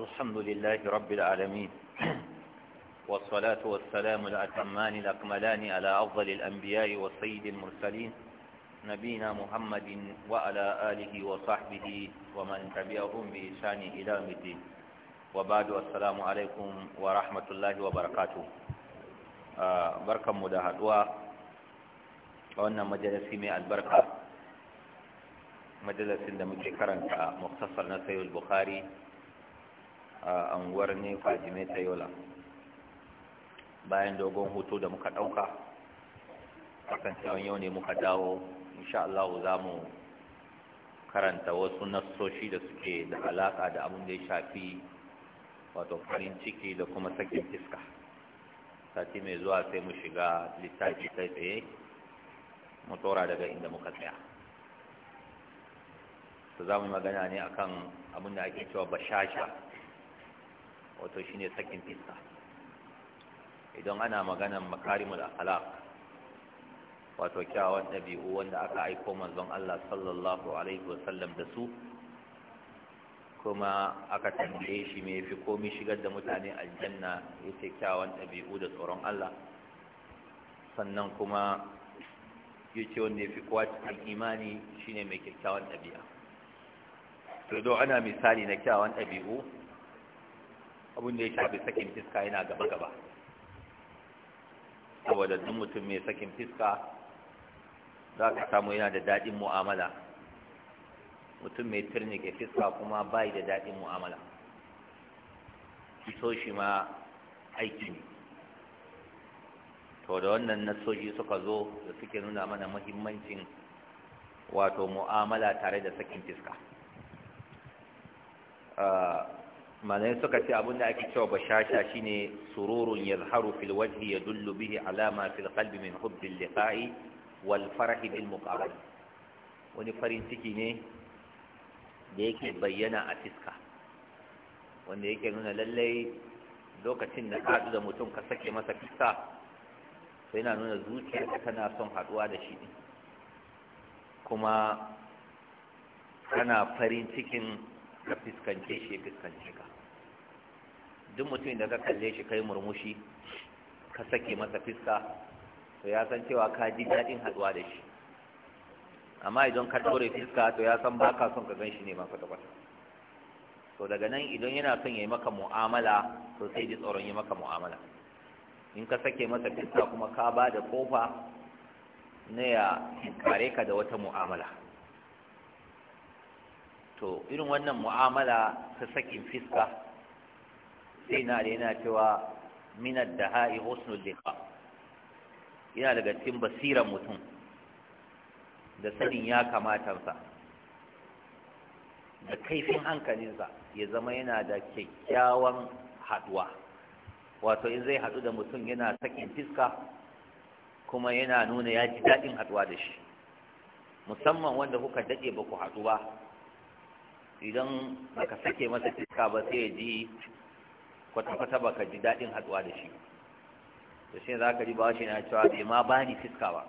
الحمد لله رب العالمين والصلاة والسلام الأتمان الأكملان على أفضل الأنبياء والسيد المرسلين نبينا محمد وعلى آله وصحبه ومن تبعهم بإحسان إلى يوم الدين وبعد السلام عليكم ورحمة الله وبركاته آه، بركة مدهد وأن مجلس من البركة مجلس عندما كرنت مختصر نسي البخاري a anguwar ne fajime ta yola bayan dogon hoto da muka ɗauka kasancewan yau ne muka dawo insha Allah za mu karanta wasu nassoshi da suke da alaƙa da abin da ya shafi wato farin ciki da kuma sakin fiska sati mai zuwa sai mu shiga littafi kai tsaye mu tsora daga inda muka tsaya su za mu magana ne akan abin da ake cewa bashasha wato shine sakin fista idan ana maganan makarimul akhlaq wato kyawawan ɗabi'u wanda aka aiko manzon Allah sallallahu alaihi wasallam da su kuma aka tambaye shi me yafi komai shigar da mutane aljanna yace kyawawan ɗabi'u da tsoron Allah sannan kuma yace wanda yafi kowa cikin imani shine mai kyakkyawan ɗabi'a to do ana misali na kyawawan ɗabi'u abin da ya shafi sakin fiska yana gaba gaba saboda duk mutum mai sakin fiska za ka samu yana da daɗin mu'amala mutum mai turnike fiska kuma bai da daɗin mu'amala fito shi ma aiki ne to da wannan nasoji suka zo da suke nuna mana muhimmancin wato mu'amala tare da sakin fiska ah, malai suka ce abinda da ake cewa bashasha shine sururun yazharu fil wajhi yadullu bihi ala ma fil qalbi min hubbi liqa'i wal farhi bil wani farin ciki ne da yake bayyana a fiska wanda yake nuna lallai lokacin da ka da mutum ka sake masa fiska sai na nuna zuciyarka tana son haɗuwa da shi kuma kana farin cikin ka fiskance shi fiskance ka duk mutumin da ka kalle shi kai murmushi ka sake masa fiska to ya san cewa ka ji daɗin haɗuwa da shi amma idan ka ɗaure fiska to ya san baka son ka gan shi ne ma ka tabbata to daga nan idan yana son ya yi maka mu'amala to sai ji tsoron yi maka mu'amala in ka sake masa fiska kuma ka ba da kofa na ya kare ka da wata mu'amala to irin wannan mu'amala ta sakin fiska sai na da yana cewa minar da ha'i husnul liqa yana daga cikin basirar mutum da sanin ya kamatansa da kaifin hankalinsa ya zama yana da kyakkyawan haduwa wato in zai hadu da mutum yana sakin fiska kuma yana nuna ya ji daɗin haduwa da shi musamman wanda kuka daɗe ba ku haɗu ba idan baka sake masa fiska ba sai ya ji kwata-kwata ba ka ji daɗin haɗuwa da shi to shi za ka ji ba shi na cewa bai ma ba ni fiska ba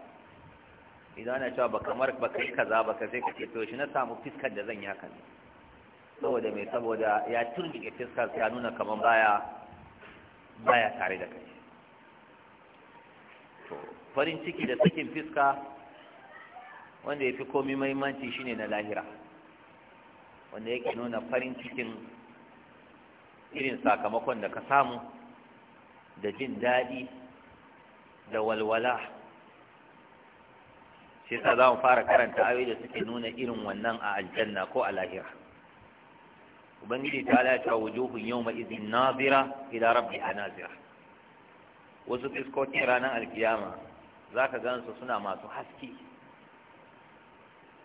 idan ana cewa ba kamar ba yi kaza ba ka sai ka ce to shi na samu fiskar da zan yi haka ne saboda mai saboda ya turgike fiskar ya nuna kamar baya baya tare da kai to farin ciki da sakin fiska wanda ya fi komi mahimmanci shine na lahira wanda yake nuna farin cikin irin sakamakon da ka samu da jin daɗi da walwala shi yasa za mu fara karanta ayoyi da suke nuna irin wannan a aljanna ko a lahira ubangiji ta lata wujuhun yau ma izin nazira ila rabbi a nazira wasu fiskokin ranar alkiyama za ka gansu suna masu haske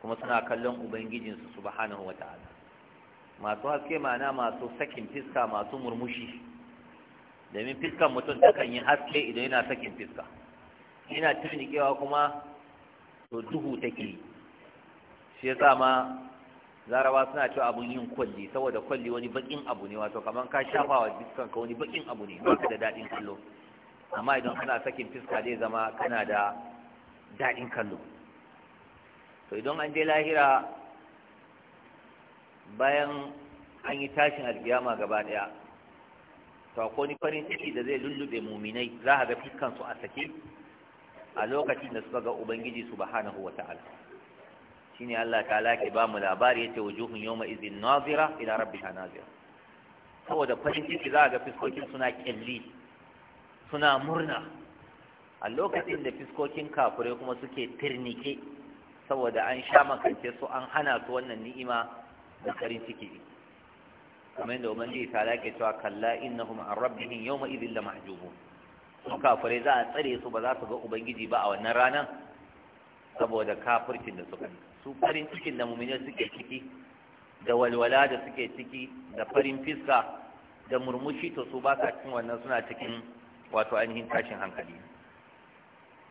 kuma suna kallon ubangijinsu subhanahu wa ta'ala masu haske ma'ana masu sakin fiska masu murmushi domin fiskan mutum ta kan yi haske idan yana sakin fiska ina tunikewa kuma to duhu take yi shi yasa ma zarawa suna cewa abun yin kwalli saboda kwalli wani bakin abu ne wato kamar ka shafa wa fiskan ka wani bakin abu ne ba ka da daɗin kallo amma idan kana sakin fiska zai zama kana da daɗin kallo to idan an je lahira bayan an yi tashin alkiyama gaba daya to ko ni farin ciki da zai lullube muminai za a ga fiskan su a sake a lokacin da suka ga ubangiji subhanahu ta'ala shine Allah ta'ala ke ba mu labari yace wujuhun yawma idhin nazira ila rabbiha nazira saboda farin ciki za a ga fiskokin suna kelli suna murna a lokacin da fiskokin kafurai kuma suke tirnike saboda an sha makance su an hana su wannan ni'ima da farin ciki kamar yadda ubangiji ta lake cewa kalla kuma an rabbihim yawma idhin la jubu su kafirai za a tsare su ba za su ga ubangiji ba a wannan ranar saboda kafircin da suka su farin cikin da mummunan suke ciki da walwala da suke ciki da farin fiska da murmushi to su ba sa cikin wannan suna cikin wato ainihin tashin hankali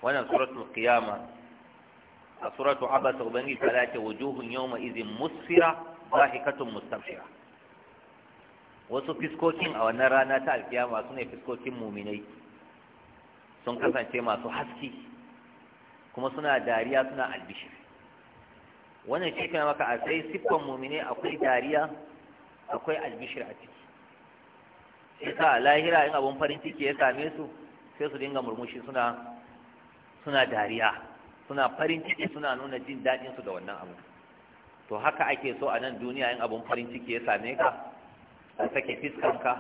wannan suratul qiyama a suratul abasa ubangiji ta lake wujuhun ma idhin musfira zahikatun mustabshira wasu fiskokin a wannan rana ta alkiyama su ne fiskokin muminai sun kasance masu haske kuma suna dariya suna albishir wannan shi kana maka a sai siffan muminai akwai dariya akwai albishir a ciki sai sa lahira in abun farin ciki ya same su sai su dinga murmushi suna suna dariya suna farin ciki suna nuna jin daɗinsu da wannan abu to haka ake so a nan duniya yin abin farin ciki ya same ka ka sake fiskanka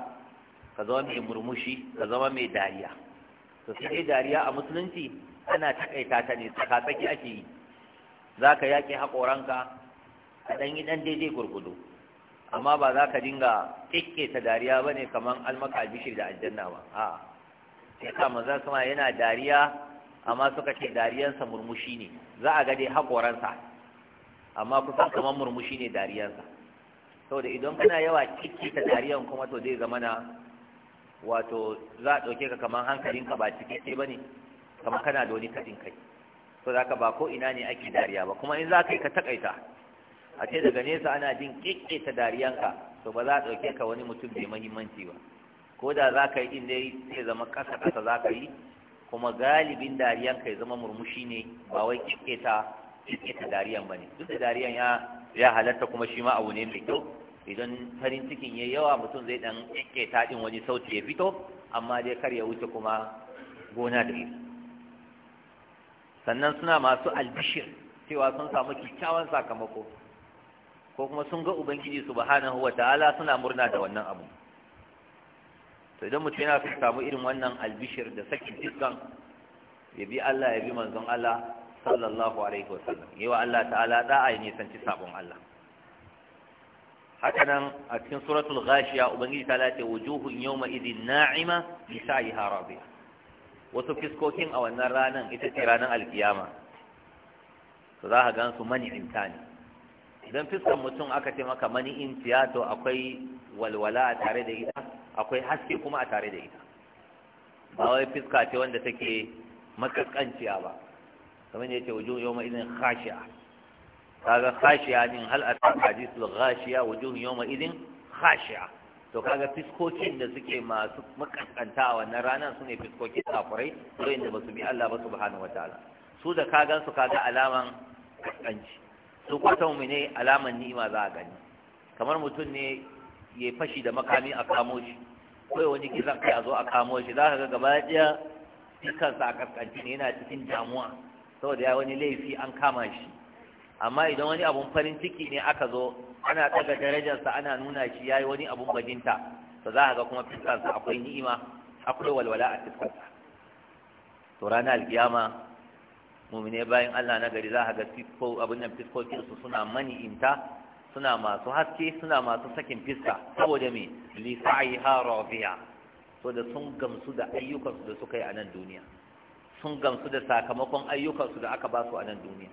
ka zama mai murmushi ka zama mai dariya to sai dai dariya a musulunci ana takaita ta ne tsakatsaki ake yi za ka yaƙi haƙoranka ka ɗan yi ɗan daidai gurgudu amma ba za ka dinga ta dariya ba ne kamar almaka Bishir da aljanna ba a sai ka maza sama yana dariya amma suka ce dariyansa murmushi ne za a ga dai haƙoransa amma kusan kamar murmushi ne dariyarsa saboda idan kana yawa ciki ta dariyan kuma to zai zama na wato za a ɗauke ka kamar hankalinka ba ciki ce ba ne kamar kana da wani kaɗin kai to za ka ba ko ina ne ake dariya ba kuma in za ka yi ka taƙaita a ce daga nesa ana jin ƙiƙe ta dariyanka to ba za a ɗauke ka wani mutum mai mahimmanci ba ko da za ka yi ɗin dai sai zama ƙasa ƙasa za ka yi kuma galibin dariyanka ya zama murmushi ne ba wai ƙiƙe ta ta dariyan ba ne, duk da dariyan ya ya halatta kuma shi ma abu ne mai kyau idan farin cikin ya yawa mutum zai dan yanke ta din wani sauti ya fito amma dai kar ya wuce kuma gona da ita sannan suna masu albishir cewa sun samu kyakkyawan sakamako ko kuma sun ga ubangiji subhanahu wataala suna murna da wannan abu to idan mutum yana son samu irin wannan albishir da sakin fiskan ya bi Allah ya bi manzon Allah sallallahu alaihi wasallam yi wa Allah ta'ala da'a nisanci sabon Allah haka nan a cikin suratul ghashiya ubangiji ta lati wujuhun yawma idhin na'ima bi sa'iha radiya wasu fiskokin a wannan ranan ita ce ranan alkiyama to za ka gan su mani inta ne idan fiskan mutum aka ce maka mani intiya to akwai walwala a tare da ita akwai haske kuma a tare da ita ba wai fiska ce wanda take makaskanciya ba kamar yadda wujuhun yawma idin khashi'a kaga kashiya din hal atan hadithul ghashiya wujuhun yawma idin khashi'a to kaga fiskokin da suke masu makankanta a wannan ranar su ne fiskokin ko yadda da su bi Allah ba subhanahu ala, su da ka kagan su kaga alaman kaskanci su ta mu ne alaman ni'ima za a gani kamar mutum ne ya fashi da makami a kamo shi kawai wani kisan kai a zo a kamo shi za ka ga gaba ɗaya fiskansa a kaskanci ne yana cikin damuwa saboda ya wani laifi an kama shi amma idan wani abun farin ciki ne aka zo ana daga darajarsa ana nuna shi ya yi wani abun bajinta to za a ga kuma fiskarsa akwai ni'ima akwai walwala a fiskarsa to ranar alkiyama mumine bayan Allah na gari za a ga abin nan fiskokinsu suna mani'inta suna masu haske suna masu sakin fiska saboda me lisa'iha rafiya so da sun gamsu da ayyukansu da suka yi a nan duniya sun gamsu da sakamakon ayyukansu da aka ba su a nan duniya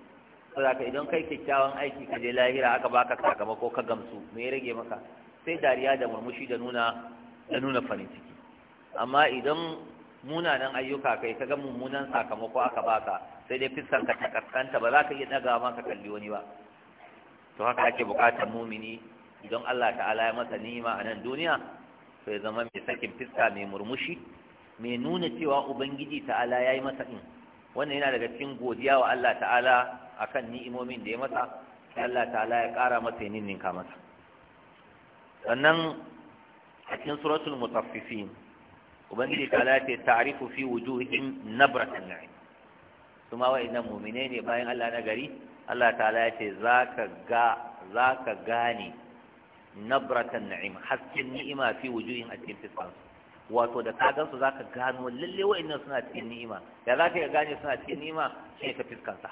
saboda ka idan kai kyakkyawan aiki ka je lahira aka baka sakamako ka gamsu me ya rage maka sai dariya da murmushi da nuna da nuna farin ciki amma idan munanan ayyuka kai ka ga mummunan sakamako aka baka sai dai fissan ka ta kaskanta ba za ka iya daga ma ka kalli wani ba to haka ake bukatar mumini idan Allah ta'ala ya masa ni'ima a nan duniya sai zama mai sakin fiska mai murmushi mai nuna cewa ubangiji ta'ala ya yi masa din wannan yana daga cikin godiya wa Allah ta'ala a akan ni'imomin da ya masa sai Allah ta'ala ya ƙara masa yin ninka masa sannan a cikin suratul mutaffifin ubangiji ta'ala ya ce ta'rifu fi wujuhihim nabratan na'im kuma idan mu'mine ne bayan Allah na gari Allah ta'ala ya ce zaka ga zaka gane nabratan na'im hasken ni'ima fi wujuhin a cikin fiskansu wato da ka gansu za ka gano lalle wa'annan suna cikin ni'ima da za ka gane suna cikin ni'ima shi ka fiskansa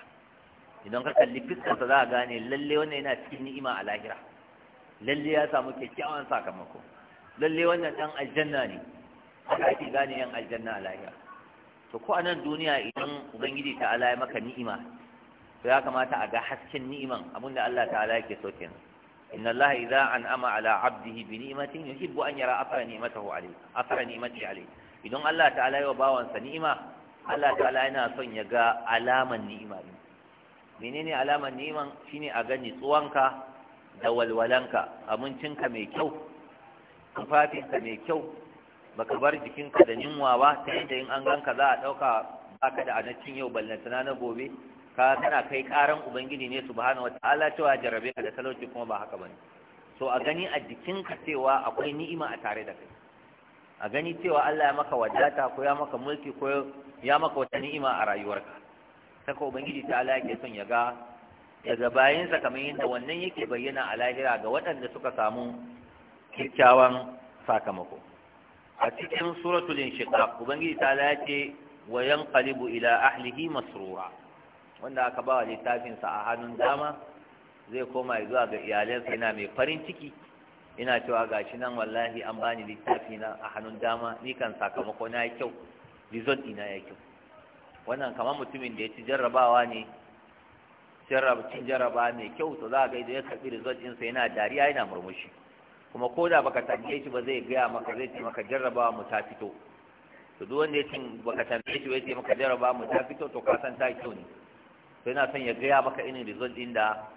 idan ka kalli fiskansa za a gane lalle wannan yana cikin ni'ima a lahira lalle ya samu kyakkyawan sakamako lalle wannan ɗan aljanna ne haka ake gane yan aljanna a lahira to ko a nan duniya idan ubangiji ta ala ya maka ni'ima to ya kamata a ga hasken ni'iman abinda Allah ta'ala yake so kenan إن الله إذا أنعم على عبده بنعمة يحب أن يرى أثر نعمته عليه أثر نعمته عليه إذن الله تعالى يباوى نعمة الله تعالى أنا صن يقى علاما نعمة منين علاما نعمة شيني أغني صوانك دولولانك أمنتنك ميكو كفاتنك ميكو baka bar jikinka da yunwa ba ta yadda in an ganka za a ɗauka baka da anaccin yau ballantana na gobe ka tana kai karan ubangiji ne subhanahu wataala cewa jarabe ka da talauci kuma ba haka bane so a gani a jikinka cewa akwai ni'ima a tare da kai a gani cewa Allah ya maka wadata ko ya maka mulki ko ya maka wata ni'ima a rayuwarka saka ubangiji ta Allah yake son ya ga daga bayansa kamar yadda wannan yake bayyana a lahira ga waɗanda suka samu kyakkyawan sakamako a cikin suratul inshiqaq ubangiji ta Allah yake wa yanqalibu ila ahlihi masrura wanda aka ba wa littafinsa a hannun dama zai koma zuwa ga iyalansa yana mai farin ciki ina cewa gashi nan wallahi an bani littafi na a hannun dama ni kan sakamako na ya kyau rizon ina ya kyau wannan kamar mutumin da ya ci jarrabawa ne cin jarraba mai kyau to za ga idan ya karɓi rizon ɗinsa yana dariya yana murmushi kuma ko da baka tambaye shi ba zai gaya maka zai ce maka jarrabawa mu ta fito to duk wanda ya cin baka tambaye shi ba zai ce maka jarrabawa mu ta fito to ka san ta kyau ne sai na son ya gaya maka irin result din da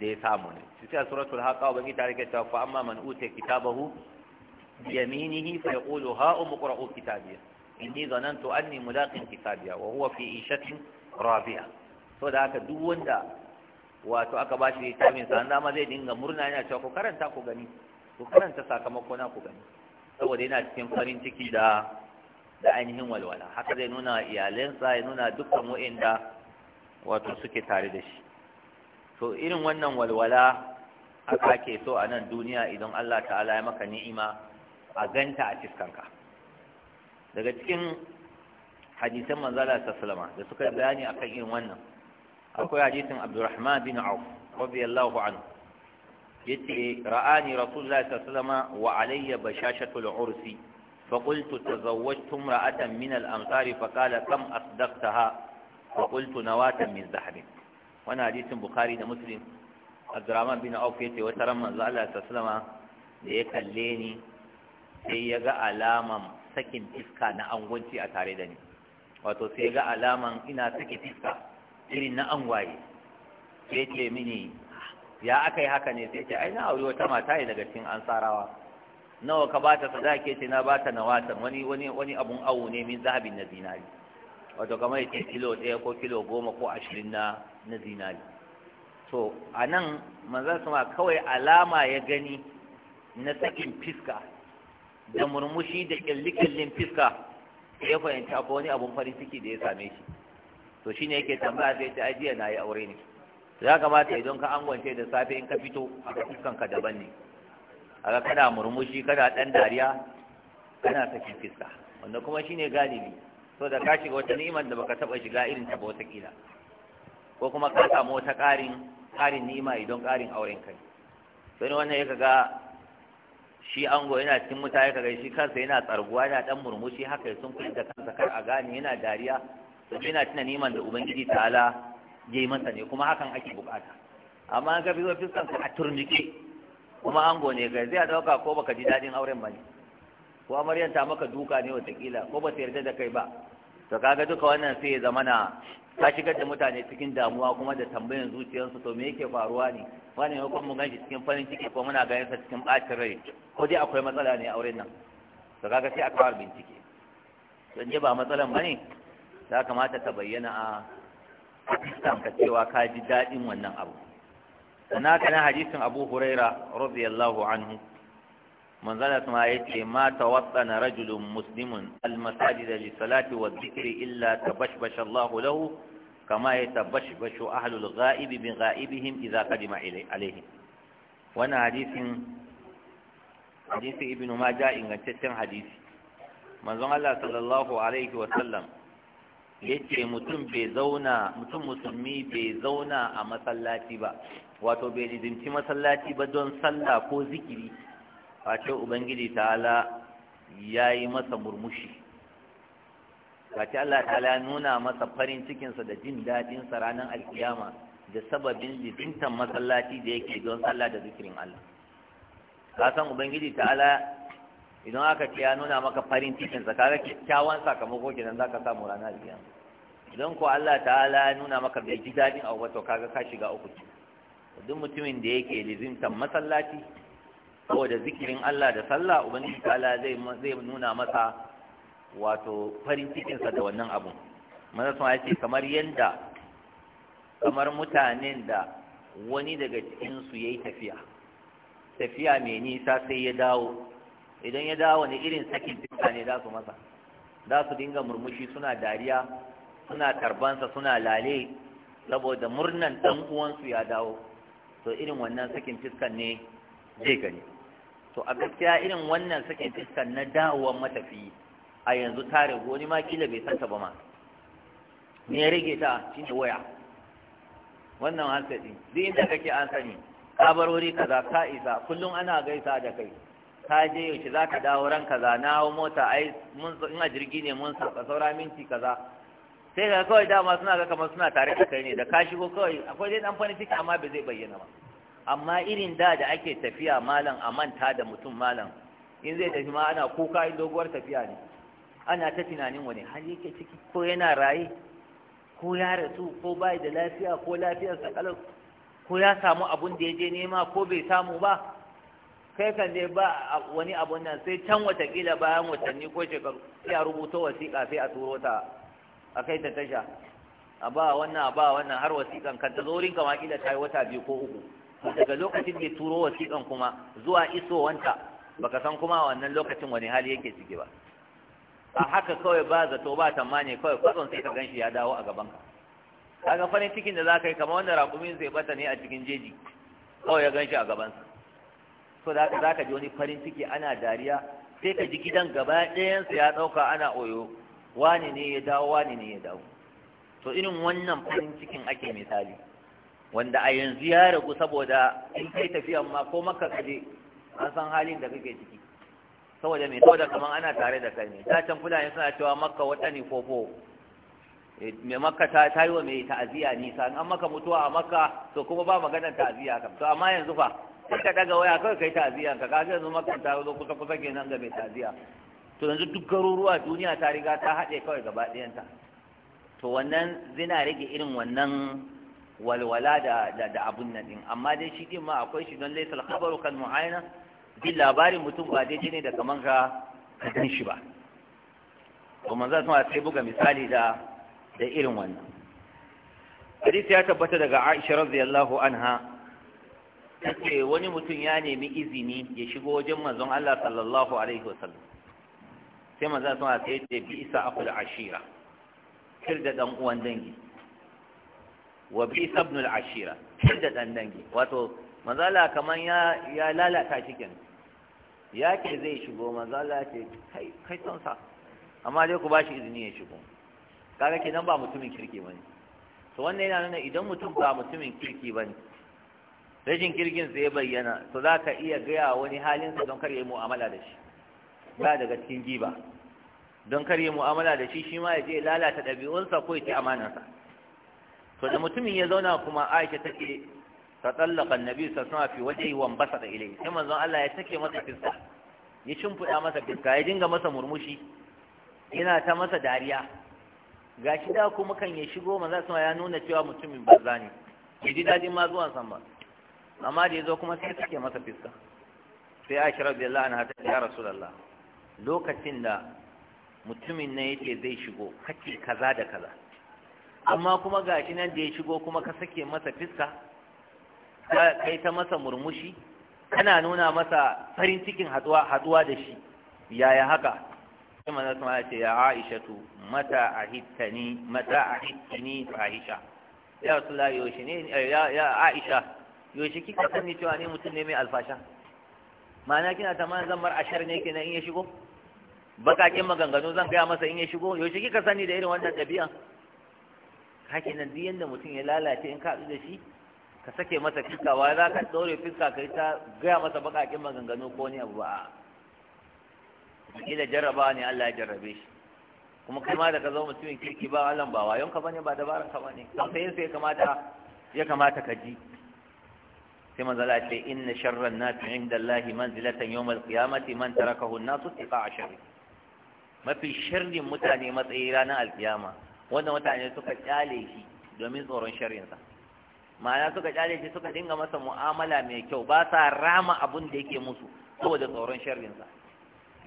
da ya samu ne shi sai suratul haqa wa baki rike ta fa amma man uta kitabahu yaminihi fa yaqulu ha umqra'u kitabiya inni zanantu anni mulaqin kitabiya wa huwa fi ishatin rabi'a to da haka duk wanda wato aka bashi littafin sa dama zai dinga murna yana cewa ku karanta ku gani ko karanta sakamako na ku gani saboda yana cikin farin ciki da da ainihin walwala haka zai nuna iyalansa ya nuna dukkan wa'inda wato suke tare da shi to irin wannan walwala aka ke so a nan duniya idan Allah ta'ala ya maka ni'ima a ganta a fiskanka daga cikin hadisan manzala ta salama da suka bayani akan irin wannan akwai hadisin Abdurrahman bin Auf radiyallahu anhu yace ra'ani rasulullahi sallallahu wa alayya bashashatul ursi فقلت تزوجت امرأة من الأمصار فقال كم أصدقتها wa نواتا من min zahabin حديث البخاري bukhari da muslim abdurrahman bin auf yace wata ran الله Allah sallama da ya kalle ni sai ya ga alaman sakin fiska na angwanci a tare da ni wato sai ya ga alaman ina sakin fiska irin na angwaye sai ce mini ya aka yi haka ne sai ce ai na aure wata mata ne daga cikin ansarawa nawa ka bata sadaka ce na bata nawatan wani wani wani abun awu ne min zahabin na zinari wato kamar yake kilo ɗaya ko kilo goma ko ashirin na na zinari to a nan manzan sama kawai alama ya gani na sakin fiska da murmushi da kyalli-kyallin fiska ya fahimci ko wani abun farin ciki da ya same shi to shine yake tambaya sai ta ajiya na yi aure ne To ya kamata idan ka angwance da safe in ka fito a ga fuskanka daban ne ka kana murmushi kana ɗan dariya kana sakin fiska wanda kuma shi ne galibi so da ka shiga wata ni'imar da baka taba shiga irin ta ba wata kila ko kuma ka samu wata ƙarin ƙarin ni'ima idan ƙarin auren kai sai ne wannan ya kaga shi ango yana cikin mutane kaga shi kansa yana tsarguwa yana dan murmushi haka ya sun da kansa kar a gane yana dariya to yana tuna ni'imar da ubangiji ta'ala ya yi masa ne kuma hakan ake bukata amma ga bizo fiskan ka a turmike kuma ango ne ga zai dauka ko baka ji dadin auren ba ne ko amaryan ta maka duka ne watakila ko ba ta yarda da kai ba to kaga duka wannan sai ya zama na ka shigar da mutane cikin damuwa kuma da tambayan zuciyarsu to me yake faruwa ne wani ne kuma shi cikin farin ciki ko muna ganin sa cikin bacin rai ko dai akwai matsala ne a wurin nan to kaga sai aka fara bincike don je ba matsalan bane ka kamata ta bayyana a kanka cewa ka ji daɗin wannan abu sannan na hadisin abu huraira radiyallahu anhu manzala kuma ya ce ma tawassana rajulun muslimun almasajid li salati wa dhikri illa tabashbasha Allah lahu kama ya tabashbashu ahlul ghaib bi ghaibihim idza alayhi wannan hadisin hadisi ibn majah ingantaccen hadisi manzon Allah sallallahu alaihi yace mutum bai zauna mutum musulmi bai zauna a masallaci ba wato bai rizimci masallaci ba don sallah ko zikiri face ubangiji ta'ala ya yi masa murmushi face Allah ta'ala nuna masa farin cikinsa da jin daɗinsa ranar alkiyama da sababin jikintan masallaci da yake don sallah da zikirin Allah kasan ubangiji ta'ala idan aka ce ya nuna maka farin cikinsa kaga kyakkyawan sakamako kenan za ka samu ranar alkiyama idan ko Allah ta'ala ya nuna maka bai ji daɗin abu ba to kaga ka shiga uku duk mutumin da yake lizimtan masallaci saboda zikirin Allah da sallah ubangiji ta'ala zai zai nuna masa wato farin cikin sa da wannan abun manzo sun ce kamar yanda kamar mutanen da wani daga cikin su yayi tafiya tafiya mai nisa sai ya dawo idan ya dawo ne irin sakin fuska ne za su masa za su dinga murmushi suna dariya suna tarbansa suna lale saboda murnan dan uwansu ya dawo to irin wannan sakin fiskan ne zai gani to a gaskiya irin wannan sakin fuskar na dawowar matafi a yanzu tare wani ma kila bai santa ba ma me ya rage ta shine waya wannan hansa din duk inda kake an sani ka bar wuri kaza ka isa kullum ana gaisa da kai ka je yaushe za ka dawo ran kaza na hau mota ai mun in a jirgi ne mun sauka saura minti kaza sai ka kawai dama suna ga kamar suna tare da kai ne da ka shigo kawai akwai dai dan fani ciki amma bai zai bayyana ba amma irin da da ake tafiya malam a manta da mutum malam in zai tafi ma ana kuka in doguwar tafiya ne ana ta tunanin wani hali yake ciki ko yana raye ko ya rasu ko bai da lafiya ko lafiyar sakalar ko ya samu abun da ya je nema ko bai samu ba kai kan dai ba wani abun nan sai can watakila bayan watanni ko shekaru sai a rubuta wasiƙa sai a turo ta a kai ta tasha a ba wannan a ba wannan har wasiƙan kan ta zo rinka ma kila ta yi wata biyu ko uku to daga lokacin da turo wasiƙan kuma zuwa isowanta baka san kuma wannan lokacin wani hali yake ciki ba a haka kawai ba zato ba tamani kawai kwatsan sai ka ganshi ya dawo a gaban ka. kaga farin cikin da za ka yi kamar wanda raƙumin zai bata ne a cikin jeji kawai ya ganshi a gabansa so da za ka ji wani farin ciki ana dariya sai ka ji gidan gaba ɗayansa ya ɗauka ana oyo wani ne ya dawo wani ne ya dawo to irin wannan farin cikin ake misali wanda a yanzu ya ragu saboda in kai tafiyan ma ko maka kaje an san halin da kake ciki saboda mai saboda kaman ana tare da kai ne da can fulani suna cewa makka wata ne fofo eh, mai makka ta tayi wa mai ta'aziya nisa an maka mutuwa a makka to kuma ba maganar ta'aziya kam to amma yanzu fa sai ka daga waya kawai kai ta'aziya ka kaga yanzu makka ta zo kusa kusa kenan ga mai ta'aziya to yanzu duk garuruwa duniya ta riga ta haɗe kawai gaba ɗayanta to wannan zina rage irin wannan walwala da da abun nan din amma dai shi din ma akwai shi don laysal khabaru kan mu'ayna bi labarin mutum ba daidai ne da kaman ka kan shi ba to manzo sun sai buga misali da da irin wannan hadisi ya tabbata daga Aisha radhiyallahu anha take wani mutum ya nemi izini ya shigo wajen manzon Allah sallallahu alaihi wasallam sai manzo sun sai ce bi isa akul ashira kirda dan uwan dangi wa bi ibn al-ashira da dan dangi wato manzala kaman ya ya lalata shi kenan ya ke zai shigo manzala ce kai kai son sa amma dai ku bashi izini ya shigo kaga nan ba mutumin kirki bane to wannan yana nuna idan mutum ba mutumin kirki bane Rajin kirkin sai bayyana to za ka iya gaya wani halin sa don kar ya yi mu'amala da shi ba daga cikin giba don kar ya yi mu'amala da shi shi ma ya je lalata ɗabi'unsa ko ya ci amanarsa to da mutumin ya zauna kuma Aisha take ta tsallaka annabi sallallahu alaihi wasallam fi wajhi wa da ilayhi sai manzon Allah ya take masa fiska ya shimfida masa fiska ya dinga masa murmushi yana ta masa dariya gashi da kuma kan ya shigo manzon sallallahu ya nuna cewa mutumin banza ne ya ji dadin ma zuwan san ba amma da yazo kuma sai take masa fiska sai Aisha radiyallahu anha ta ya rasulullah lokacin da mutumin nan yake zai shigo kace kaza da kaza amma kuma ga shi nan da ya shigo kuma ka sake masa fiska Ka kai ta masa murmushi kana nuna masa farin cikin haduwa da shi yaya haka sai mana sama ya ce ya tu, mata ahittani mata ahittani fahisha ya Rasulullah yoshi ne ya ya Aisha yoshi kika sani cewa ne mutum ne mai alfasha ma'ana kina tamanin zan bar ashar ne kenan in ya shigo bakakin maganganu zan gaya masa in ya shigo yaushe kika sani da irin wannan ɗabi'an? haka nan duk yadda mutum ya lalace in ka haɗu da shi ka sake masa fiska wa za ka ɗore fiska kai ta gaya masa baƙaƙen maganganu ko wani abu ba da jarrabawa ne Allah ya jarrabe shi kuma kai ma da ka zama mutumin kirki ba Allah ba wayon ka bane ba dabaran ka bane kan sai sai kamata ya kamata ka ji sai manzo Allah ce inna sharran nas inda Allah manzilatan yawm al-qiyamati man tarakahu an-nas tiqa'a sharri mafi sharrin mutane matsayi ranar alkiyama wannan mutane suka kyale shi domin tsoron sharrinsa ma'ana suka kyale shi suka dinga masa mu'amala mai kyau ba sa rama abun da yake musu saboda tsoron sharrinsa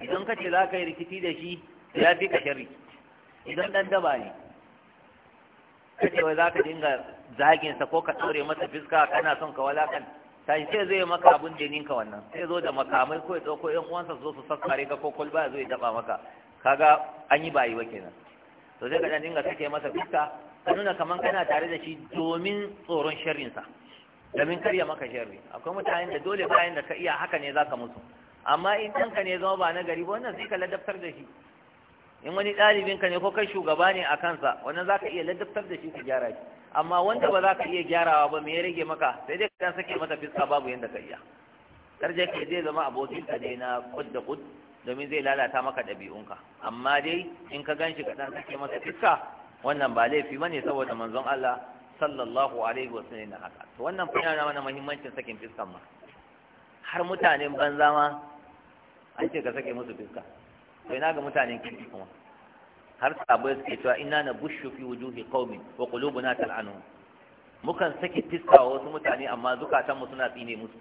idan ka ce za ka yi rikici da shi ya fi ka sharri idan dan daba ne ka ce wai za ka dinga zaginsa ko ka tsore masa fiska kana son ka walakan sai sai zai maka abun da ninka wannan sai zo da makamai ko ya ɗauko yan uwansa zo su sassare ka ko kwalba zai taɓa maka kaga an yi bayi wa kenan to zai ka dinga take masa fuska ka nuna kaman kana tare da shi domin tsoron sharrinsa domin karya maka sharri akwai mutane da dole bayan da ka iya haka ne zaka musu amma in ɗanka ne zama ba na gari ba wannan zai ka ladabtar da shi in wani ɗalibinka ne ko kai shugaba ne a kansa wannan za ka iya ladabtar da shi ka gyara shi amma wanda ba za ka iya gyarawa ba me ya rage maka sai dai ka sake masa fiska babu yanda ka iya karje ka zai zama abokinka ne na kud da kud domin zai lalata maka ɗabi'unka amma dai in ka ganshi ka ɗan sake masa fiska wannan ba laifi ne saboda manzon Allah sallallahu alaihi na haka to wannan fa yana mana muhimmancin sakin fiskan ma har mutanen banza ma an ce ka sake musu fiska to ina ga mutanen kirki kuma har sabai suke cewa inna na bushu fi wujuhi qaumi wa qulubuna tal'anu mukan sake fiska wa wasu mutane amma zukatanmu suna tsine musu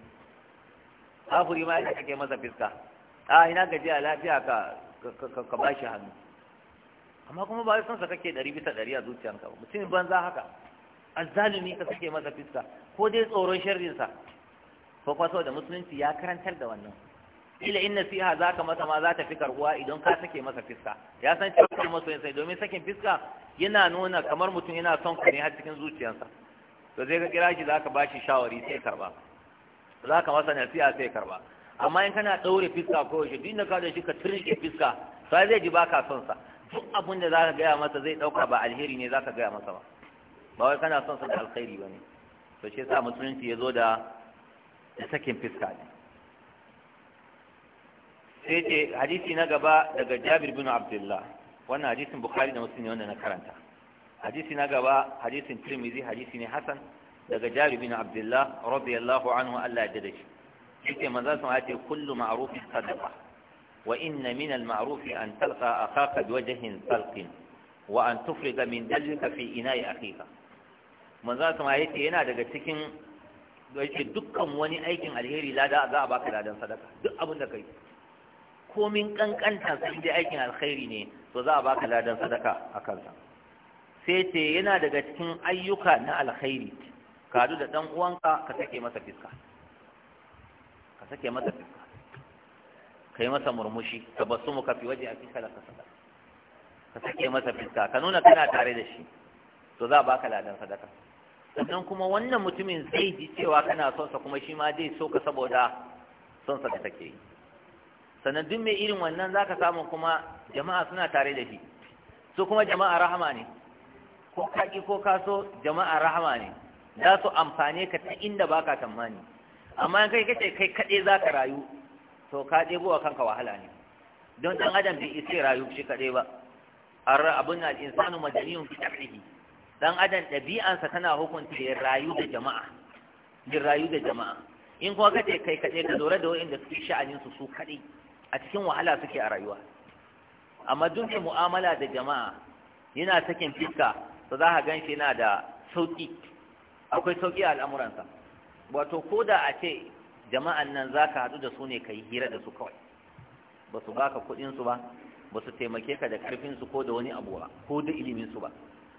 kafiri ma yake sake masa fiska a ina gajiya lafiya ka ka ba shi hannu amma kuma ba son sa kake ɗari bisa ɗari a zuciyanka ba mutum banza haka azzalumi ka sake masa fiska ko dai tsoron sharrinsa ko kuma saboda musulunci ya karantar da wannan ila in nasiha za ka masa ma za ta fi karbuwa idan ka sake masa fiska ya san cewa kuma masoyin sai domin sakin fiska yana nuna kamar mutum yana son ka ne har cikin zuciyarsa to zai ka kira shi za ka ba shi shawari sai karba za ka masa nasiha sai karba amma in kana ɗaure fiska ko yaushe duk inda ka da shi ka turke fiska sai zai ji baka son sa duk abin da zaka gaya masa zai ɗauka ba alheri ne zaka gaya masa ba ba wai kana son sa da alkhairi ba ne to shi yasa musulunci ya zo da da sakin fiska ne sai ce hadisi na gaba daga Jabir bin Abdullah wannan hadisin Bukhari da Muslim ne wanda na karanta hadisi na gaba hadisin Tirmidhi hadisi ne Hasan daga Jabir bin Abdullah radiyallahu anhu Allah ya dade shi yake manzo sun ce kullu ma'rufin sadaqa wa inna min al-ma'ruf an talqa akhaka biwajhin talqin wa an tufriga min dalika fi ina'i akhika manzo sun ce yana daga cikin yake dukkan wani aikin alheri lada za a baka ladan sadaka duk abin da kai komin kankanta sai dai aikin alkhairi ne to za a baka ladan sadaka a kansa sai ce yana daga cikin ayyuka na alkhairi ka da dan uwanka ka take masa fiska ka sake masa fuska ka yi masa murmushi ka basu mu kafi waje a fika da kasa ka sake masa fuska ka nuna kana tare da shi to za a baka ladan sadaka sannan kuma wannan mutumin zai ji cewa kana son sa kuma shi ma zai so ka saboda son sa da take yi sannan duk mai irin wannan zaka samu kuma jama'a suna tare da shi su kuma jama'a rahama ne ko kaki ko kaso jama'a rahama ne za su amfane ka ta inda baka tsammani. amma kai kace kai kaɗai za ka rayu to ka ɗebo wa kanka wahala ne don ɗan adam bai isa rayu shi kaɗai ba abun na insanu madaniyun fi tabihi dan adam ɗabi'ansa tana hukunta ya rayu da jama'a ya rayu da jama'a in kuma kace kai kaɗai ka lura da wanda suke sha'anin su su kaɗai a cikin wahala suke a rayuwa amma duk da mu'amala da jama'a yana sakin fiska to za ka gan yana da sauƙi akwai sauƙi a al'amuransa wato ko da a ce jama'an nan za ka haɗu da su ne ka yi hira da su kawai ba su baka kuɗinsu ba ba su taimake ka da ƙarfinsu ko da wani abuwa ko da iliminsu ba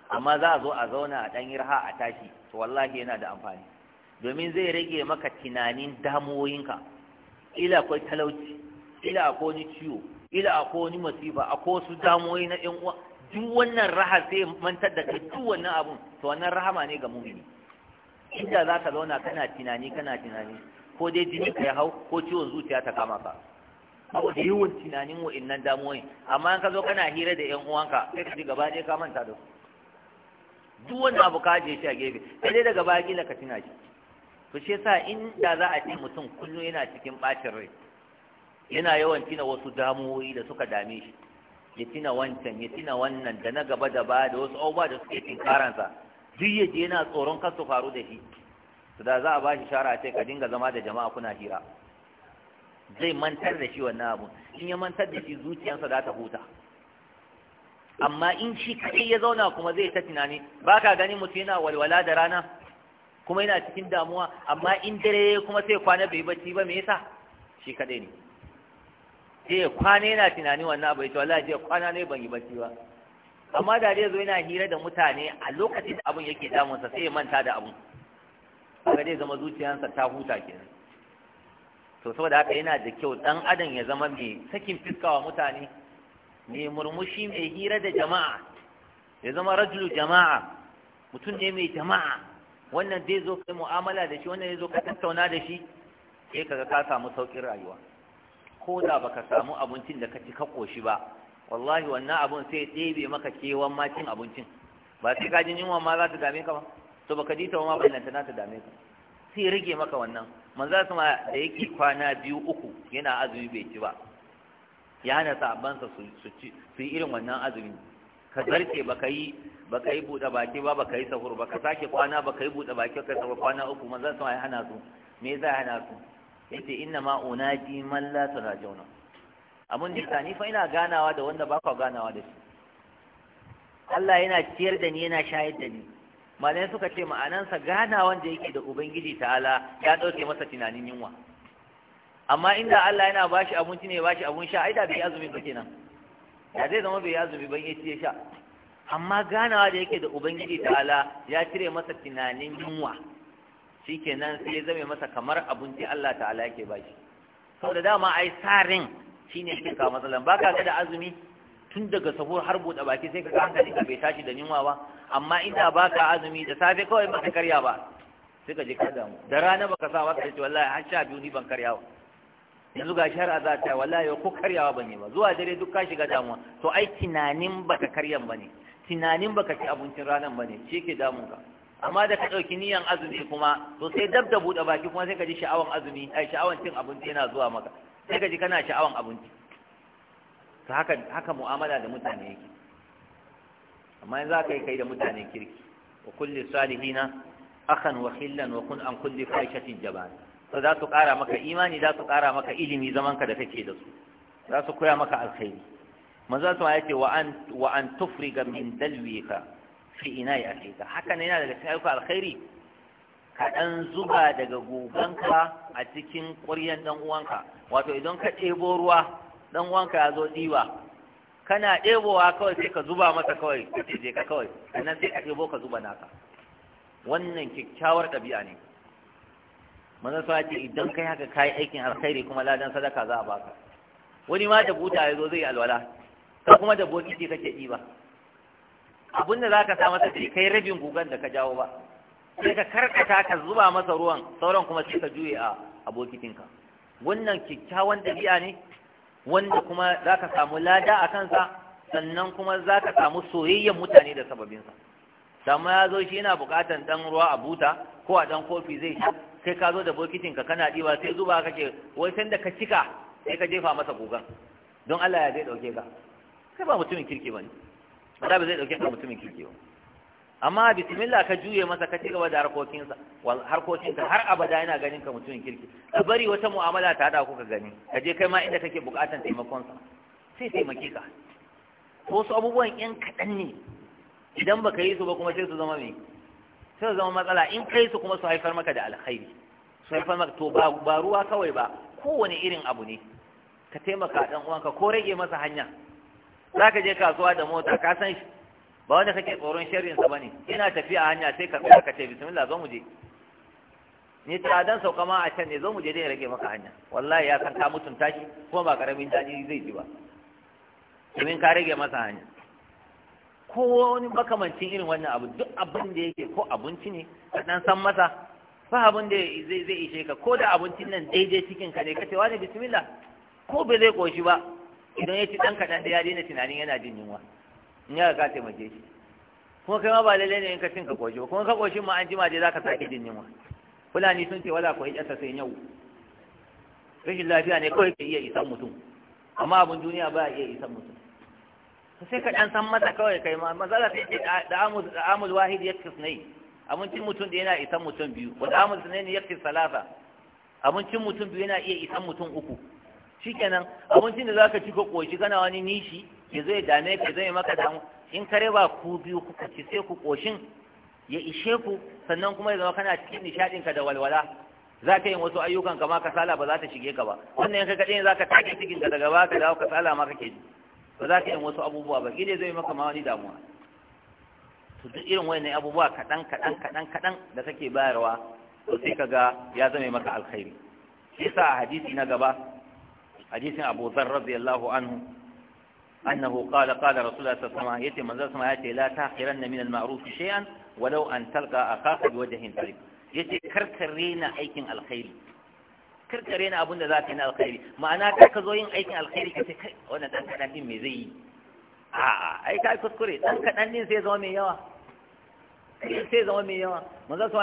amma za a zo a zauna a ɗan yirha a tashi to wallahi yana da amfani domin zai rage maka tunanin damuwoyinka ila akwai talauci ila akwai wani ciwo ila akwai wani masifa akwai wasu damuwoyi na ƴan uwa duk wannan raha sai mantar da kai duk wannan abun to wannan rahama ne ga mumini inda za ka zauna kana tunani kana tunani ko dai jini ka ya hau ko ciwon zuciya ta kama ka saboda yiwu tunanin innan damuwoyin amma in ka zo kana hira da yan uwanka sai ka ji gaba ɗaya ka manta da su duk wani abu ka je shi a gefe sai dai daga baya kila ka tuna shi to shi yasa in da za a ce mutum kullum yana cikin ɓacin rai yana yawan tina wasu damuwoyi da suka dame shi ya tina wancan ya tina wannan da na gaba da baya da wasu abubuwa da suke tinkaransa duk ya je yana tsoron kar su faru da shi to da za a ba shi shara ce ka dinga zama da jama'a kuna hira zai mantar da shi wannan abu in ya mantar da shi zuciyarsa za ta huta amma in shi kai ya zauna kuma zai ta tunani ba ka gani mutum yana walwala da rana kuma yana cikin damuwa amma in dare kuma sai kwana bai bacci ba me yasa shi kadai ne sai kwana yana tunani wannan abu ya ce wallahi kwana ne ban yi bacci ba amma da dai zo yana hira da mutane a lokacin da abun yake damunsa sai ya manta da abun kaga dai zama zuciyarsa ta huta kenan to saboda haka yana da kyau dan adam ya zama mai sakin fiska wa mutane mai murmushi mai hira da jama'a ya zama rajulu jama'a mutum ne mai jama'a wannan zai zo kai mu'amala da shi wannan zai zo ka tattauna da shi sai kaga ka samu saukin rayuwa ko da baka samu abincin da ka ci ka koshi ba wallahi wannan abun sai ɗebe maka kewan ma cin abincin ba sai ka jin yunwa ma za ta dame ka ba to baka ji ta ma ballanta na ta dame ka sai rage maka wannan Man su ma da yake kwana biyu uku yana azumi bai ci ba ya hana sahabbansa su ci su yi irin wannan azumi ka zarce baka yi ka yi buɗe baki ba baka yi sahur ka sake kwana baka yi buɗe baki ka sahur kwana uku man za su ma ya hana su me za hana su yace inna ma unaji man la tarajuna abin da ta ni fa ina ganawa da wanda ba ka ganawa da shi Allah yana ciyar da ni yana shayar da ni malai suka ce ma'anansa ganawan da yake da ubangiji ta'ala ya dauke masa tunanin yunwa amma inda Allah yana bashi abinci ne bashi abun sha ai da bai azumi ba kenan da zai zama bai azumi ban yace ya sha amma ganawa da yake da ubangiji ta'ala ya cire masa tunanin yunwa shikenan sai ya zame masa kamar abinci Allah ta'ala yake ba Sau saboda dama ai sarin shine yake ka matsalan ba ga da azumi tun daga sahur har buɗe baki sai ka hankali ka bai tashi da yunwa ba amma ba baka azumi da safe kawai ba ka karya ba sai ka je ka damu da rana ba ka sa ba ka ce wallahi har sha biyu ni ban karya ba yanzu ga shahar a zata wallahi ko karyawa bane ba zuwa dare duk ka shiga damuwa to ai tunanin ba ka karyan ba ne? tunanin ba ka ci abincin ranan ne shi ke damun ka amma da ka ɗauki niyan azumi kuma to sai dab da buɗe baki kuma sai ka ji sha'awan azumi ai sha'awan cin abinci yana zuwa maka sai ka ji kana sha'awan abinci to haka haka mu'amala da mutane yake amma in za ka yi kai da mutane kirki wa kulle salihina akhan wa khillan wa kun an kulli fahishatin jaban to za su ƙara maka imani za su ƙara maka ilimi zaman ka da kake da su za su koya maka alkhairi manzo sama yace wa an wa an tufriga min dalwika fi ina'i akika haka ne yana daga cikin ayyuka alkhairi ka dan zuba daga gogonka a cikin ƙuryan dan uwanka wato idan ka ɗebo ruwa dan wanka ya zo ɗiba kana ɗebowa kawai sai ka zuba masa kawai ka je ka kawai sannan sai ka ɗebo ka zuba naka wannan kyakkyawar ɗabi'a ne manzon sa ce idan kai haka kai aikin alkhairi kuma ladan sadaka za a baka wani ma da buta ya zo zai alwala ka kuma da bokiti kake ɗiba abin da za ka sa masa sai kai rabin gugan da ka jawo ba sai ka karkata ka zuba masa ruwan sauran kuma sai ka juye a abokitinka wannan kyakkyawan ɗabi'a ne wanda kuma za ka samu lada a kansa sannan kuma za ka samu soyayyen mutane da sababinsa Samu ya zo shi yana buƙatar ɗan ruwa a buta ko a ɗan kofi zai sha kai ka zo da bokitinka kana ɗiba sai zuba kake wai sanda ka cika sai ka jefa masa kogan don Allah ya zai ɗauke ka kai ba mutumin kirki ba ne ba zai ɗauke ka mutumin kirki ba amma bismillah ka juye masa ka ci gaba da harkokinsa harkokinka har abada yana ganin ka mutumin kirki ka bari wata mu'amala ta hada kuka gani ka je kai ma inda kake bukatan sa sai taimake ka wasu abubuwan yan kaɗan ne idan baka yi su ba kuma sai su zama mai sai su zama matsala in kai su kuma su haifar maka da alkhairi su haifar maka to ba ruwa kawai ba kowane irin abu ne ka taimaka dan uwanka ko rage masa hanya zaka je kasuwa da mota ka san ba wanda kake tsoron shirinsa sa bane ina tafiya hanya sai ka ka ce bismillah zo mu je ni tsadan sauka ma a can ne zo mu je dai rage maka hanya wallahi ya san ka mutunta shi kuma ba karamin daɗi zai ji ba domin ka rage masa hanya ko wani makamancin irin wannan abu duk abin da yake ko abinci ne ka dan san masa ba abin da zai zai ishe ka ko da abincin nan daidai cikin ka ne ce wani bismillah ko bai zai koshi ba idan ya ci dan kaɗan da ya daina tunanin yana jin yunwa in ya ka taimake shi kuma kai ma ba lalle ne in ka cin ka koshi ba kuma ka koshin ma an jima dai zaka sake jin yunwa fulani sun ce wala koyi ƙasa sai yau rashin lafiya ne kawai ka iya isan mutum amma abin duniya ba iya isan mutum sai ka dan san masa kawai kai ma matsala sai da amul wahid ya nai, ne abincin mutum da yana isan mutum biyu wa amul ne ya salasa abincin mutum biyu yana iya isan mutum uku shikenan abincin da zaka ci ka koshi kana wani nishi ya zai ya dame ka zai maka damu in kare ba ku biyu kuka ci sai ku koshin ya ishe ku sannan kuma ya zama kana cikin nishadin ka da walwala za ka yi wasu ayyukan kama kasala ba za ta shige ka ba wannan yanka kaɗai za ka take cikin ka daga ba ka dawo kasala ma kake ji ba za ka yi wasu abubuwa ba kila zai maka ma wani damuwa to duk irin wayannan abubuwa kaɗan kaɗan kaɗan kaɗan da kake bayarwa to sai ka ga ya zame maka alkhairi shi sa hadisi na gaba hadisin Abu zar radiyallahu anhu annahu qala qala rasulullahi sallallahu alaihi wasallam yace manzo sama yace la taqiranna min al-ma'ruf shay'an walau an talqa akaka biwajhin talib yace karkare na aikin alkhairi karkare na abinda za ka yi na alkhairi ma'ana kar aikin alkhairi ka ce kai wannan dan kadan din me zai yi a'a ai kai kuskure dan kadan din sai zama mai yawa sai zama mai yawa manzo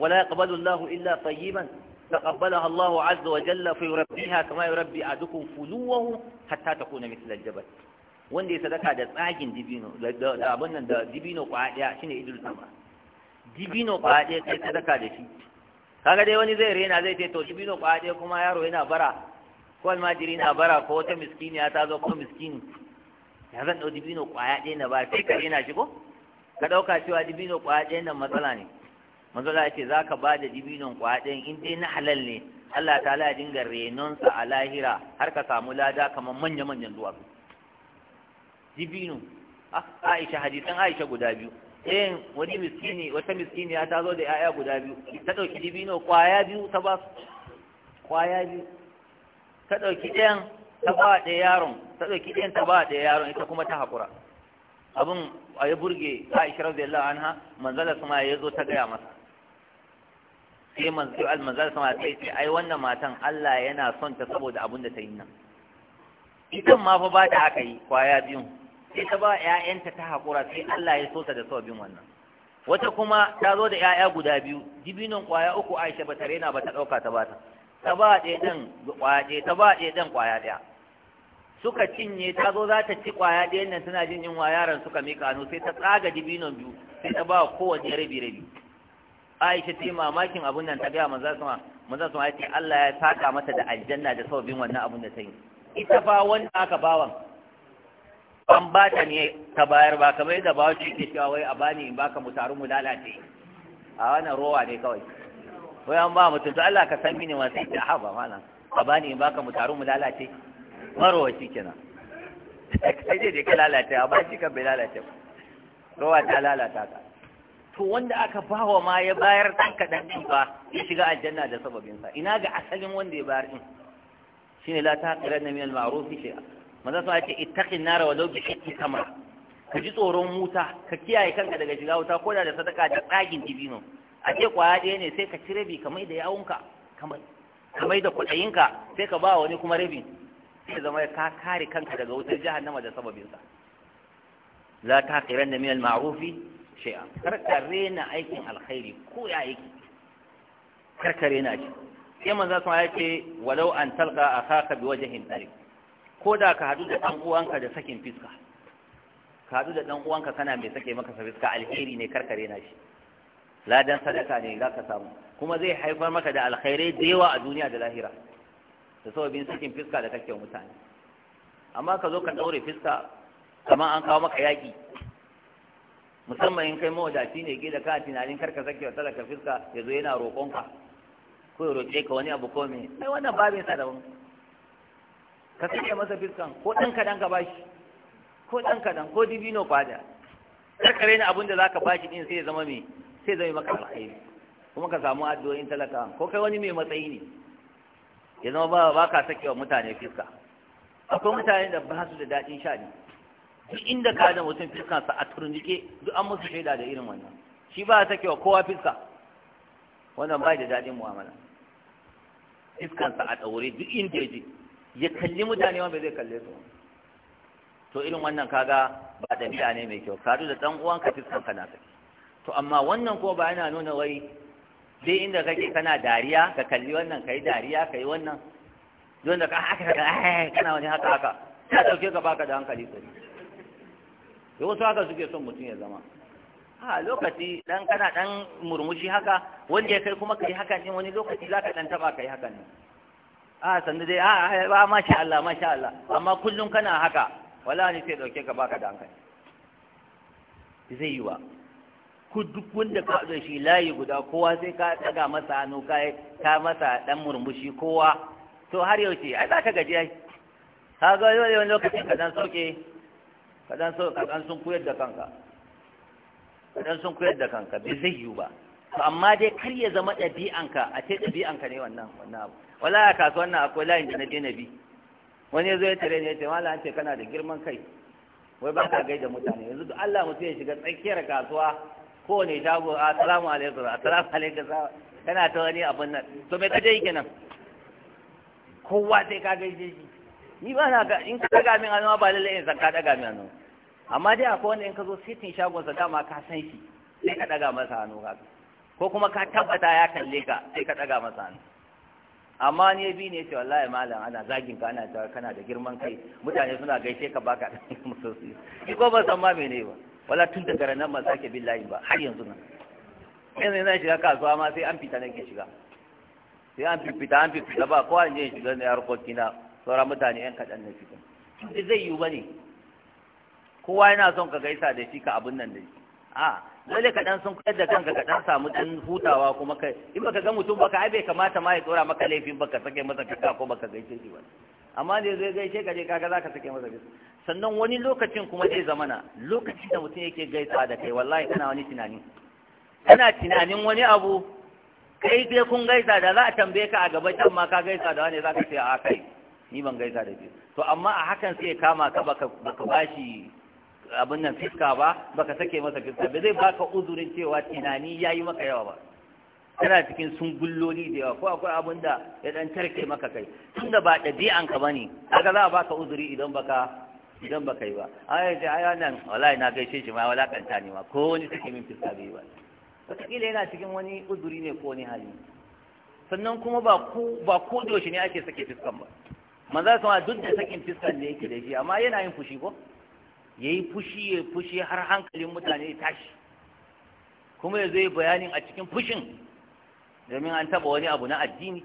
wala illa tayyiban تقبلها الله عز وجل فيربيها كما يربي أحدكم فلوه حتى تكون مثل الجبل wanda ya sadaka da tsagin dibino da abin nan da dibino daya shine idul sama dibino daya kai sadaka da shi kaga dai wani zai rena zai ce to dibino daya kuma yaro yana bara ko almajiri yana bara ko wata miskiniya ta zo ko miskini ya zan ɗau dibino kwaya daya na ba sai ka rena shi ko ka ɗauka cewa dibino kwaya daya nan matsala ne manzo Allah ce zaka ba da dibinon kwaɗin in dai na halal ne Allah ta'ala ya dinga renonsa a lahira har ka samu lada kamar manya manyan duwatsu dibino ah, Aisha hadisan Aisha guda biyu eh wani miskini wata miskini ya tazo da 'ya'ya guda biyu ta ɗauki dibino kwaya biyu ta ba kwaya biyu ta ɗauki ɗayan ta ba ɗaya yaron ta ɗauki ɗayan ta ba ɗaya yaron ita kuma ta haƙura abin a ya burge Aisha radiyallahu anha manzala kuma ya zo ta gaya masa sai manzo almanzar sama ta ce ai wannan matan Allah yana son ta saboda abin da ta yi nan Idan ma fa ba ta aka yi kwaya biyun, sai ta ba ƴaƴanta ta hakura sai Allah ya sosa da sababin wannan wata kuma ta zo da ƴaƴa guda biyu dibinon kwaya uku Aisha ba ta rena ba ta dauka ta bata ta ba ɗaya ɗan kwaya ɗaya ta ba ɗaya ɗan kwaya ɗaya suka cinye ta zo za ta ci kwaya ɗayan nan tana jin yunwa yaran suka mika hannu sai ta tsaga dibinon biyu sai ta ba kowanne rabi rabi Aisha ta yi mamakin abun nan ta gaya manzo sama manzo sama ya ce Allah ya saka mata da aljanna da sabbin wannan abun da ta yi ita fa wanda aka bawan an ba ta ne ta bayar ba kamar yadda ba shi ke cewa wai a bani in baka mu taru mu lalace a wannan rowa ne kawai wai an ba mutum to Allah ka san mini ma sai ta haba mana a bani in baka mu taru mu lalace shi kenan kai dai ka lalace a ba shi ka bai lalace ba rowa ta lalata ka to wanda aka bawa ma ya bayar ɗan kaɗan ɗin ba ya shiga aljanna da sababinsa ina ga asalin wanda ya bayar ɗin shi ne la ta haƙira na minal ma'arufi shi maza sun ce itaƙin nara walau bi shiqqi kama. ka ji tsoron wuta ka kiyaye kanka daga shiga wuta ko da sadaka da tsagin dibino a ce kwaya ɗaya ne sai ka ci rabi ka mai da yawunka ka mai da kuɗayinka sai ka ba wani kuma rabi sai zama ka kare kanka daga wutar jahannama da sababinsa la ta haƙira na minal ma'arufi shi'a karkare na aikin alkhairi ko ya yake karkare na shi sai manzo sun ya walau an talqa akhaka bi wajhin tariq ko da ka hadu da dan uwanka da sakin fiska ka hadu da dan uwanka kana mai sake maka fiska alheri ne karkare na shi ladan sadaka ne za ka samu kuma zai haifar maka da alkhairi da yawa a duniya da lahira da sabbin sakin fiska da kake mutane amma ka zo ka daure fiska kamar an kawo maka yaki musamman in kai mawadaci ne ke da ka tunanin karka sake wa talaka fiska ya zo yana roƙonka ko ya roƙe ka wani abu ko me ai wannan babin sa daban ka sake masa fiskan ko ɗan kaɗan ka bashi ko ɗan kaɗan ko dibino kwada kar ka raina abin da za ka bashi ɗin sai ya zama me sai zama maka alkhairi kuma ka samu addu'o'in talaka ko kai wani mai matsayi ne ya zama ba ka sake wa mutane fiska akwai mutane da ba su da daɗin sha'ani duk inda ka da mutum fiskansa a turnike duk an musu shaida da irin wannan shi ba ta kewa kowa fiska wannan ba da daɗin mu'amala fiskansa a ɗaure duk inda ya je ya kalli mutane wanda zai kalle su to irin wannan kaga ba ɗabi'a ne mai kyau Kadu da ɗan uwanka fiskanka na saki to amma wannan ko ba yana nuna wai dai inda kake kana dariya ka kalli wannan kai dariya kai wannan don da ka haka eh, kana wani haka haka ta dauke ka baka da hankali sai sai wasu haka suke son mutum ya zama a lokaci dan kana dan murmushi haka wanda ya kai kuma kai haka ne wani lokaci za ka dan taba kai haka ne a sannu dai a ba masha Allah masha Allah amma kullum kana haka wala ni sai dauke ka baka dan kai zai yi wa ku duk wanda ka zo shi layi guda kowa sai ka daga masa hannu ka ka masa ɗan murmushi kowa to har yau ce ai za ka gaji ai ka ga yau lokacin ka dan soke kadan sau kadan sun koyar da kanka kadan sun koyar da kanka bai zai yiwu ba to amma dai kar ya zama ɗabi'anka a ce ɗabi'anka ne wannan wannan abu wala a kasu nan akwai layin da na je na bi wani ya zo ya tare ne ya ce mala an ce kana da girman kai wai ba ka da mutane yanzu duk Allah mutum ya shiga tsakiyar kasuwa kowane shago assalamu alaikum assalamu alaikum kana ta wani abun nan to me kaje yake nan kowa sai ka gaishe shi ni ba na ga in ka daga min hannu ba lalle in san ka daga min hannu amma dai akwai wanda in ka zo sitin shagonsa dama ka san shi sai ka ɗaga masa hannu kaga ko kuma ka tabbata ya kalle ka sai ka ɗaga masa hannu amma ne bi ne ce wallahi malam ana zagin ka ana cewa kana da girman kai mutane suna gaishe ka baka da musu shi ko ban san ma mene ba wala tun daga ranar ban sake billahi ba har yanzu nan yanzu yana shiga kasuwa ma sai an fita nake shiga sai an fita an fita ba kowa ne shiga na harkoki na sauran mutane yan kaɗan na fita tun zai yiwu ba ne kowa yana son ka gaisa da shi ka abin nan da shi a lalle ka dan sun koyar da kanka ka dan samu dan hutawa kuma kai in baka ga mutum baka ai bai kamata ma ya tsora maka laifin baka sake masa kaka ko baka gaishe shi ba amma ne zai gaishe ka je kaga zaka sake masa gaishe sannan wani lokacin kuma zai zamana lokacin da mutum yake gaisa da kai wallahi kana wani tunani kana tunanin wani abu kai dai kun gaisa da za a tambaye ka a gaban can ma ka gaisa da wani zaka ce a kai ni ban gaisa da shi to amma a hakan sai kama ka baka bashi abin nan fiska ba baka sake masa fiska ba zai baka uzurin cewa tunani yi maka yawa ba tana cikin sungulloli da yawa ko akwai abin da ya dan tarke maka kai tun da ba ɗabi'an ka bane kaga za a baka uzuri idan baka idan baka yi ba ai da ai nan wallahi na gaishe shi ma kanta ne ma ko wani take min fiska bai ba kila yana cikin wani uzuri ne ko wani hali sannan kuma ba ko ba ko ne ake sake fiskan ba manzo sama duk da sakin fiskan da yake da shi amma yana yin fushi ko ya yi fushi ya fushi har hankalin mutane ya tashi kuma ya zai bayanin a cikin fushin domin an taɓa wani abu na addini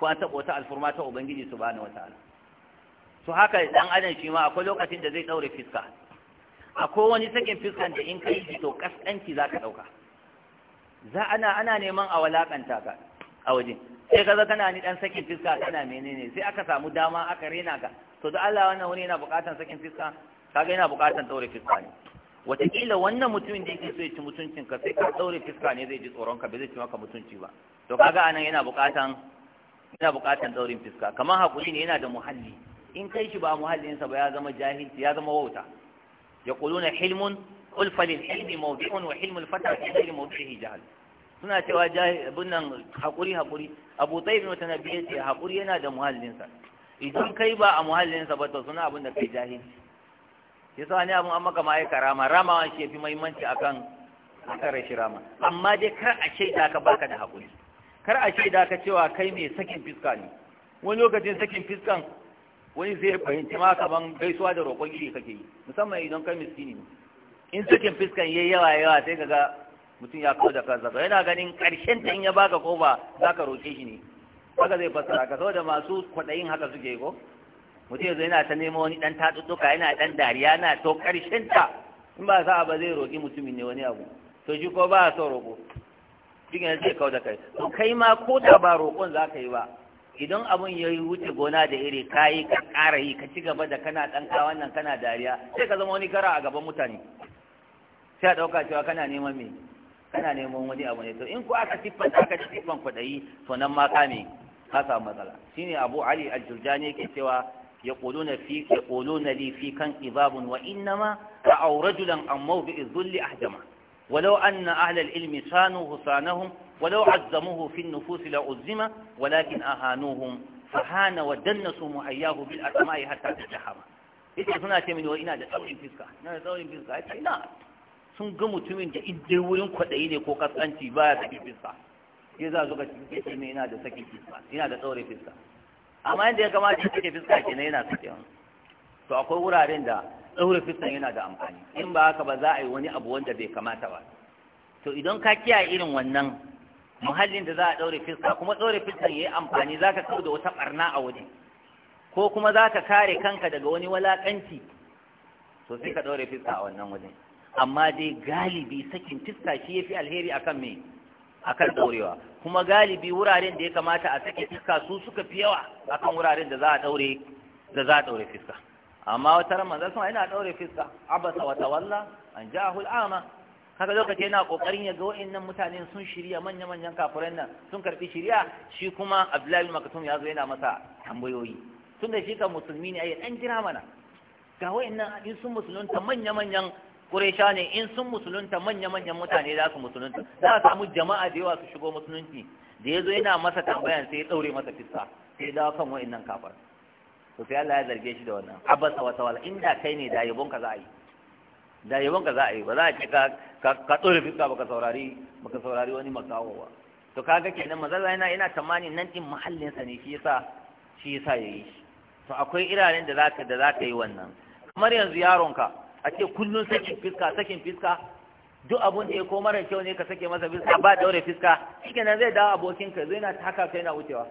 ko an taɓa wata alfurma ta ubangiji su bani ala su haka dan adam shi ma akwai lokacin da zai daure fiska akwai wani sakin fiskan da in ka yi to kaskanci za ka dauka za ana ana neman a walakanta ka a wajen sai ka kana ni dan sakin fiska kana menene sai aka samu dama aka rena ka to da Allah wannan wani yana bukatan sakin fiska kaga yana buƙatar daure fiska ne wataƙila wannan mutumin da yake so ya ci mutuncin ka sai ka daure fiska ne zai ji tsoron ka bai zai ci maka mutunci ba to kaga anan yana buƙatan yana buƙatan daurin fiska kamar hakuri ne yana da muhalli in kai shi ba muhallinsa ba ya zama jahilci ya zama wauta yaquluna hilmun qul falil hilmi mawdi'un wa hilmul fata fi ghairi mawdi'ihi jahl suna cewa abin nan haƙuri haƙuri abu tsayi bin tana biye ce haƙuri yana da muhallinsa idan kai ba a muhallinsa ba to suna abin da kai jahilci shi sa ne abin an maka ma karama rama shi fi muhimmanci akan akan shi rama amma dai kar a shaida ka baka da hakuri kar a shaida ka cewa kai mai sakin fiska ne wani lokacin sakin fiskan wani zai fahimci ma kaman gaisuwa da roƙon iri kake yi musamman idan kai miskini ne in sakin fiskan yayi yawa yawa sai kaga mutum ya kawo da kansa yana ganin ƙarshen ta in ya baka ko ba za ka roƙe shi ne haka zai fassara ka saboda masu kwaɗayin haka suke ko mutum yanzu yana ta nemo wani dan tatsuttuka yana dan dariya na to karshen ta in ba sa ba zai roƙi mutumin ne wani abu to shi ko ba a so roƙo cikin yanzu ya kawo da kai to kai ma ko da ba roƙon za ka yi ba idan abun ya wuce gona da iri ka yi ka ƙara yi ka ci gaba da kana ka wannan kana dariya sai ka zama wani gara a gaban mutane sai a ɗauka cewa kana neman me kana neman wani abu ne to in ko aka siffanta aka siffan kwaɗayi to nan ma ka ne ka samu matsala shine abu ali al-jurjani yake cewa يقولون في يقولون لي في كان إباب وإنما أو رجلا عن موضع الذل أحجمه ولو أن أهل العلم شانوا حصانهم ولو عزموه في النفوس لعزم ولكن أهانوهم فهان ودنسوا مؤياه بالأسماء حتى تجحم ita suna ce mini wai ina da tsaurin fiska ina da tsaurin fiska ina sun ga mutumin da idai wurin kwaɗayi ne ko kaskanci ya sakin fiska ya za su ga cikin ina da sakin fiska ina da tsaurin fiska amma yadda ya kamata ya sake fiska na yana sakewa to akwai wuraren da tsohuri fiskan yana da amfani in ba haka ba za a yi wani abu wanda bai kamata ba to idan ka kiyaye irin wannan muhallin da za a ɗaure fiska kuma tsohuri fiskan ya yi amfani za ka kau da wata ɓarna a waje ko kuma za ka kare kanka daga wani walaƙanci to sai ka ɗaure fiska a wannan wajen amma dai galibi sakin fiska shi ya fi alheri akan mai. akan daurewa kuma galibi wuraren da ya kamata a sake fiska su suka fi yawa akan wuraren da za a daure da za a daure fiska amma wata ran manzo sun yana daure fiska abasa wa tawalla an ja'ahu al'ama kaga lokaci yana kokarin ya ga wayannan mutane sun shirya manya manyan kafiran nan sun karfi shirya shi kuma Abdullahi makatum ya zo yana masa tambayoyi tunda shi kan musulmi ne ai dan jira mana ga wayannan in sun musulunta manya manyan Quraysha ne in sun musulunta manya-manyan mutane za su musulunta za a samu jama'a da yawa su shigo musulunci da ya zo yana masa tambayan sai ya daure masa fiska sai ya dawo kan nan kafar to sai Allah ya zarge shi da wannan Abbas wa tawala inda kai ne da yabon ka za a yi da yabon ka za a yi ba za a ce ka ka tsore ba ka saurari ka saurari wani makawo ba to kaga kenan manzon yana yana tamani nan din muhallinsa sa ne shi yasa shi yasa yayi to akwai iranen da ka da ka yi wannan kamar yanzu yaronka a ce kullum sakin fiska sakin fiska duk abun da ya ko mara kyau ne ka sake masa fiska ba daure fiska shikenan zai dawo abokin ka zai na haka kai na wucewa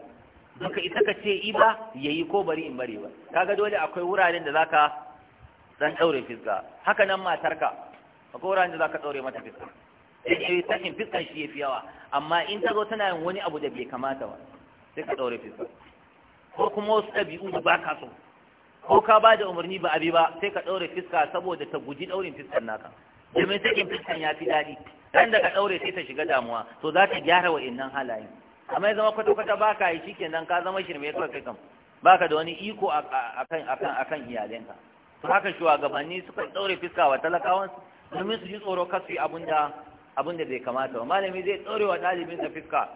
ka isa ka ce i ba yayi ko bari in bari ba kaga dole akwai wuraren da zaka dan daure fiska haka nan matarka akwai wuraren da zaka daure mata fiska sai eh, eh, sakin fiskan shi yafi yawa amma in ta zo tana yin wani abu da bai kamata ba sai ka daure fiska ko kuma wasu ɗabi'u da ba ka so ko ka ba da umarni ba abi ba sai ka ɗaure fiska saboda ta guji ɗaurin fiskan naka domin sakin fiskan ya fi daɗi dan da ka ɗaure sai ta shiga damuwa to za ta gyara wa innan halayen amma ya zama kwata-kwata ba ka yi shi kenan ka zama shirme kawai kai kan ba ka da wani iko a kan iyalinka to haka shugabanni suka ɗaure fiska wa talakawansu domin su ji tsoro kar su yi abin da bai kamata ba malami zai ɗaure wa ɗalibinsa fiska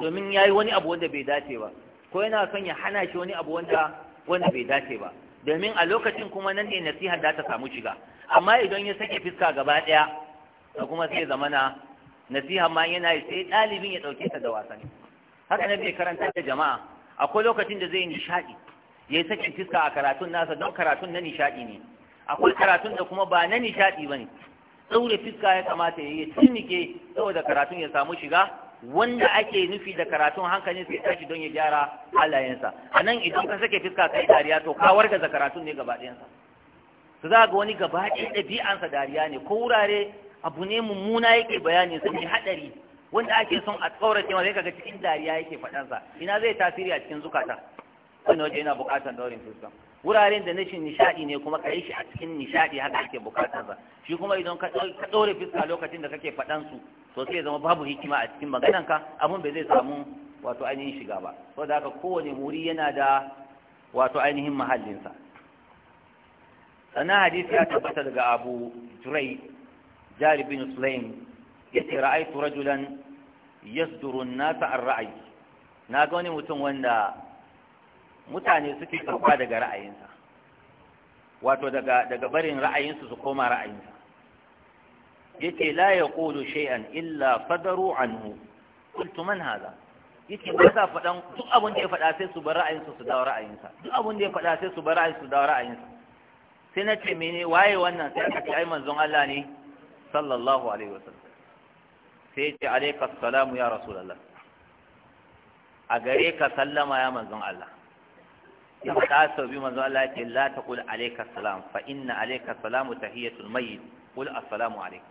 domin ya yi wani abu wanda bai dace ba ko yana son ya hana shi wani abu wanda wanda bai dace ba domin a lokacin kuma nan ne nasiha da ta samu shiga amma idan ya sake fiska gaba ɗaya da kuma sai zamana nasiha ma yana yi sai ɗalibin ya ɗauke ta da wasanni haka ne bai karanta da jama'a akwai lokacin da zai nishaɗi ya yi sake fiska a karatun nasa don karatun na nishaɗi ne akwai karatun da kuma ba na nishaɗi ba ne ɗaure fiska ya kamata ya yi tunike saboda karatun ya samu shiga wanda ake nufi da karatun hankalin sai tashi don ya gyara halayensa a nan idan ka sake fiska kai dariya to ka da karatun ne gaba ɗayansa to za ga wani gaba ɗaya ɗabi'ansa dariya ne ko wurare abu ne mummuna yake bayani su mai haɗari wanda ake son a tsaurace ma zai kaga cikin dariya yake faɗansa ina zai tasiri a cikin zukata wani waje yana buƙatar daurin fuska wuraren da nishin nishadi ne kuma ka shi a cikin nishadi haka ake sa, shi kuma idan ka ɗaure fiska lokacin da kake faɗansu to sai zama babu hikima a cikin magananka abun bai zai samu wato ainihin shiga ba So, saboda haka kowane wuri yana da wato ainihin mahallinsa sannan hadisi ya tabbata daga abu jurai jaribin bin sulaim ya ce ra'aitu rajulan yasdurun nasa an ra'ayi na ga wani mutum wanda mutane suke karɓa daga ra'ayinsa wato daga barin ra'ayinsu su koma ra'ayinsa Yake la yaqulu shay'an illa fadaru anhu qultu man hada yace ba sa faɗan duk abin da ya faɗa sai su bar ra'ayinsu su dawo ra'ayinsa duk abin da ya faɗa sai su bar ra'ayinsu su dawo ra'ayinsa sai na ce mene waye wannan sai aka ce ai manzon Allah ne sallallahu alaihi wasallam sai ce alayka assalamu ya rasulullah a gare ka sallama ya manzon Allah ya faɗa sau biyu manzo Allah ce la taqul alayka salam fa inna alayka salamu tahiyatul mayyit qul assalamu alaykum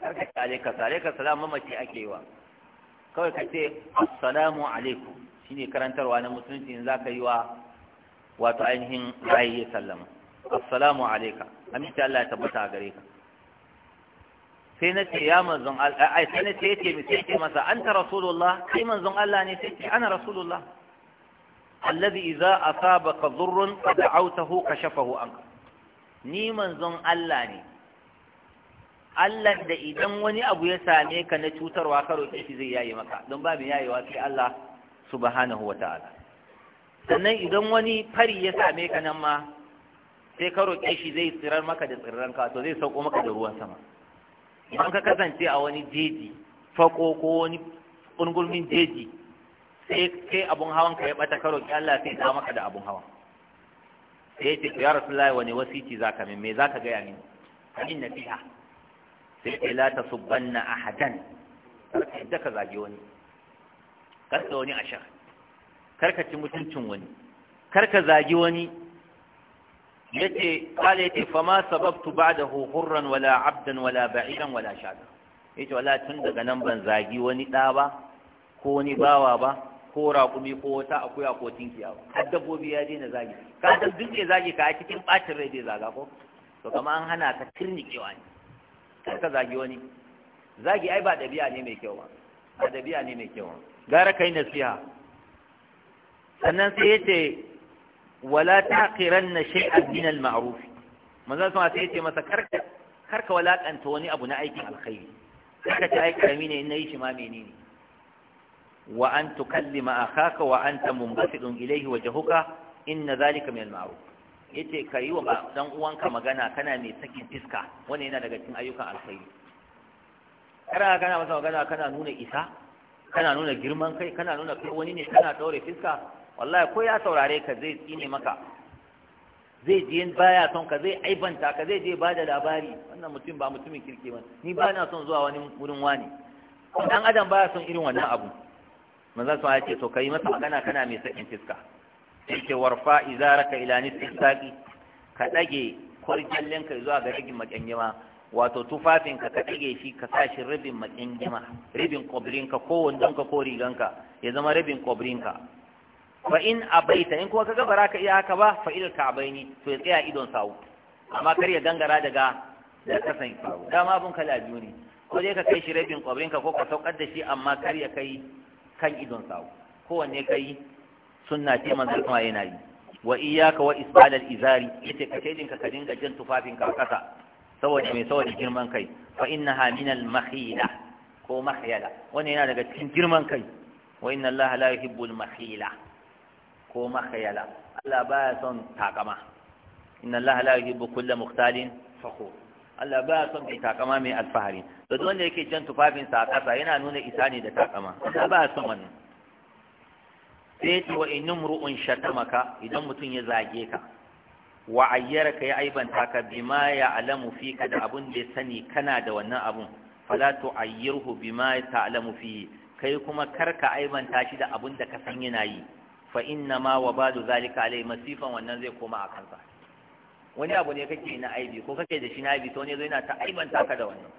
kar ka tsare ka tsare ka salama mace ake yi wa kawai ka ce assalamu alaikum shine karantarwa na musulunci in za ka yi wa wato ainihin ra'ayi sallama assalamu alaika aminta Allah ya tabbata a gare ka sai na ce ya manzon Allah ai sai na ce yace mi sai ce masa anta rasulullah kai manzon Allah ne sai ce ana rasulullah alladhi idza asabaka dhurrun qad da'awtahu kashafahu anka ni manzon Allah ne Allah da idan wani abu ya same ka na cutarwa ka roƙe shi zai yaye maka don ba mai yayewa sai Allah subhanahu ta'ala sannan idan wani fari ya same ka nan ma sai ka roƙe shi zai tsirar maka da tsirran ka to zai sauko maka da ruwan sama idan ka kasance a wani jeji fako ko wani ungulmin jeji sai kai abun hawan ka ya bata ka roƙi Allah sai ya maka da abun hawan sai ya ce ya rasulullahi wani wasiti zaka min me zaka ga ya min hadin nasiha sai ce la a hadan karka yadda ka zage wani karka wani sha karka ci mutuncin wani karka zage wani yace kale yace fa ma sababtu da hurran wala abdan wala ba'idan wala ya ce wala tun daga nan ban zagi wani ɗa ba ko wani bawa ba ko raƙumi ko wata akuya ko tinkiya har dabbobi ya daina zagi ka san duk zagi ka cikin ɓacin rai zai zaga ko to kama an hana ka tirnikewa ne kar ka zagi wani zagi ai ba ɗabi'a ne mai kyau ba ba ɗabi'a ne mai kyau ba gara kai nasiha sannan sai ya ce wala taqiranna shay'an min al-ma'ruf manzon sama sai ya ce masa karka karka walakanta wani abu na aikin alkhairi karka ce ai karami ne in nayi shi ma menene wa an tukallima akhaka wa anta munbasidun ilayhi wajhuka inna dhalika min al-ma'ruf yace ka yi wa dan uwanka magana kana mai sakin fiska wannan yana daga cikin ayyukan alkhairi kana kana masa magana kana nuna isa kana nuna girman kai kana nuna kai wani ne kana daure fiska wallahi ko ya saurare ka zai tsine maka zai je baya son ka zai aibanta ka zai je ba da labari wannan mutum ba mutumin kirki ba ni ba na son zuwa wani wurin wani dan adam baya son irin wannan abu manzo sai ya ce to kai masa magana kana mai sakin fiska yake warfa izaraka ila nisfi saqi ka dage kurjallin ka zuwa ga rigin makyanjima wato tufafin ka ka dage shi ka sa shi ribin makyanjima ribin kobrin ka ko wandon ka ko rigan ka ya zama ribin qabrin ka fa in abaita in kuma kaga baraka iya haka ba fa ilal ka'baini to ya tsaya idon sawu amma kar ya gangara daga da kasan sawu dama abun kala biyu ne ko dai ka kai shi rigin qabrin ka ko ka saukar da shi amma kar ya kai kan idon sawu kowanne kai sunna ce manzo kuma yana yi wa iyaka wa isbal al-izari yace ka kaidin ka dinga jin tufafin ka kasa saboda mai saboda girman kai fa innaha min al-makhila ko mahyala wannan yana daga cikin girman kai wa inna Allah la al makhila ko mahyala Allah baya son takama inna Allah la yuhibbu kulla mukhtalin fakhur Allah baya son mai takama mai alfahari to duk wanda yake jan tufafin sa ƙasa yana nuna isa ne da takama Allah baya son wannan sai ce wa in mru'un shatamaka idan mutum ya zage ka wa ka ya aibanta ka bima ya alamu ka da abun da ya sani kana da wannan abun fala tu'ayyirhu bima alamu fi kai kuma ka aibanta shi da abun da ka san yana yi fa inna ma wa badu zalika alai masifan wannan zai koma a kansa wani abu ne kake na aibi ko kake da shi na aibi to ne zai na ta aibanta ka da wannan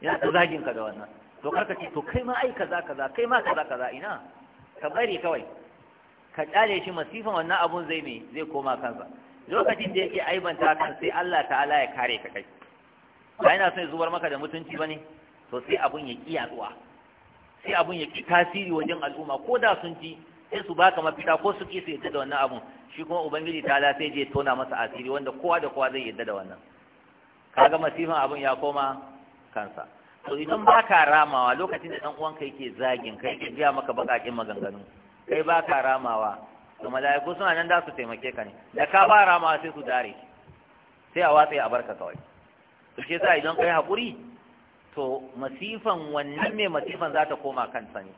yana ta zagin ka da wannan to karka ce to kai ma za kaza kaza kai ma kaza kaza ina ka bari kawai ka kyale shi masifan wannan abun zai zai koma kansa lokacin da yake aibanta kan sai Allah ta'ala ya kare ka kai ba yana son zubar maka da mutunci bane to sai abun ya ki yaduwa sai abun ya ki tasiri wajen al'umma ko da sun ji sai su baka mafita ko su ki su yadda da wannan abun shi kuma ubangiji ta'ala sai je tona masa asiri wanda kowa da kowa zai yadda da wannan kaga masifan abun ya koma kansa to idan ba ka ramawa lokacin da ɗan ka yake zagin kai ke biya maka baƙaƙen maganganu kai ba ka ramawa to mala'iku suna nan za su taimake ka ne da ka ba ramawa sai su dare sai a watsa a barka kawai to shi yasa idan kai haƙuri to masifan wannan mai masifan za ta koma kansa ne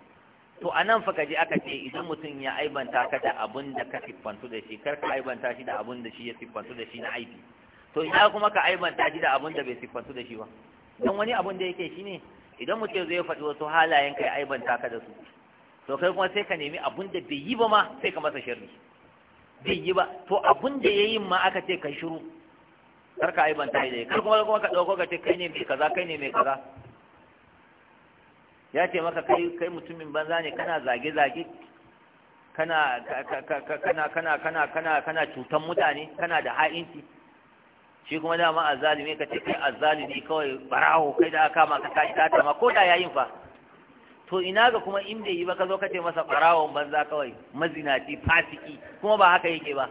to a nan fa kaji aka ce idan mutum ya aibanta ka da abin da ka siffantu da shi kar ka aibanta shi da abin da shi ya siffantu da shi na aibi to ina kuma ka aibanta shi da abin da bai siffantu da shi ba dan wani abun da yake shine idan mutum zai faɗi wasu halayen kai aibanta ka da su to kai kuma sai ka nemi abun da bai yi ba ma sai ka masa sharri bai yi ba to abun da ya yi ma aka ce kai shiru kar ka aibanta shi da kar kuma kuma ka ɗauko ka ce kai ne mai kaza kai ne mai kaza ya ce maka kai kai mutumin banza ne kana zage zage kana kana kana kana kana kana cutan mutane kana da ha'inci shi kuma dama azalimi ka ce kai azalimi kawai barawo kai da aka ma ka kashi ta ma ko da yayin fa to ina ga kuma in bai yi ba ka zo ka ce masa barawon banza kawai mazinaci fasiki kuma ba haka yake ba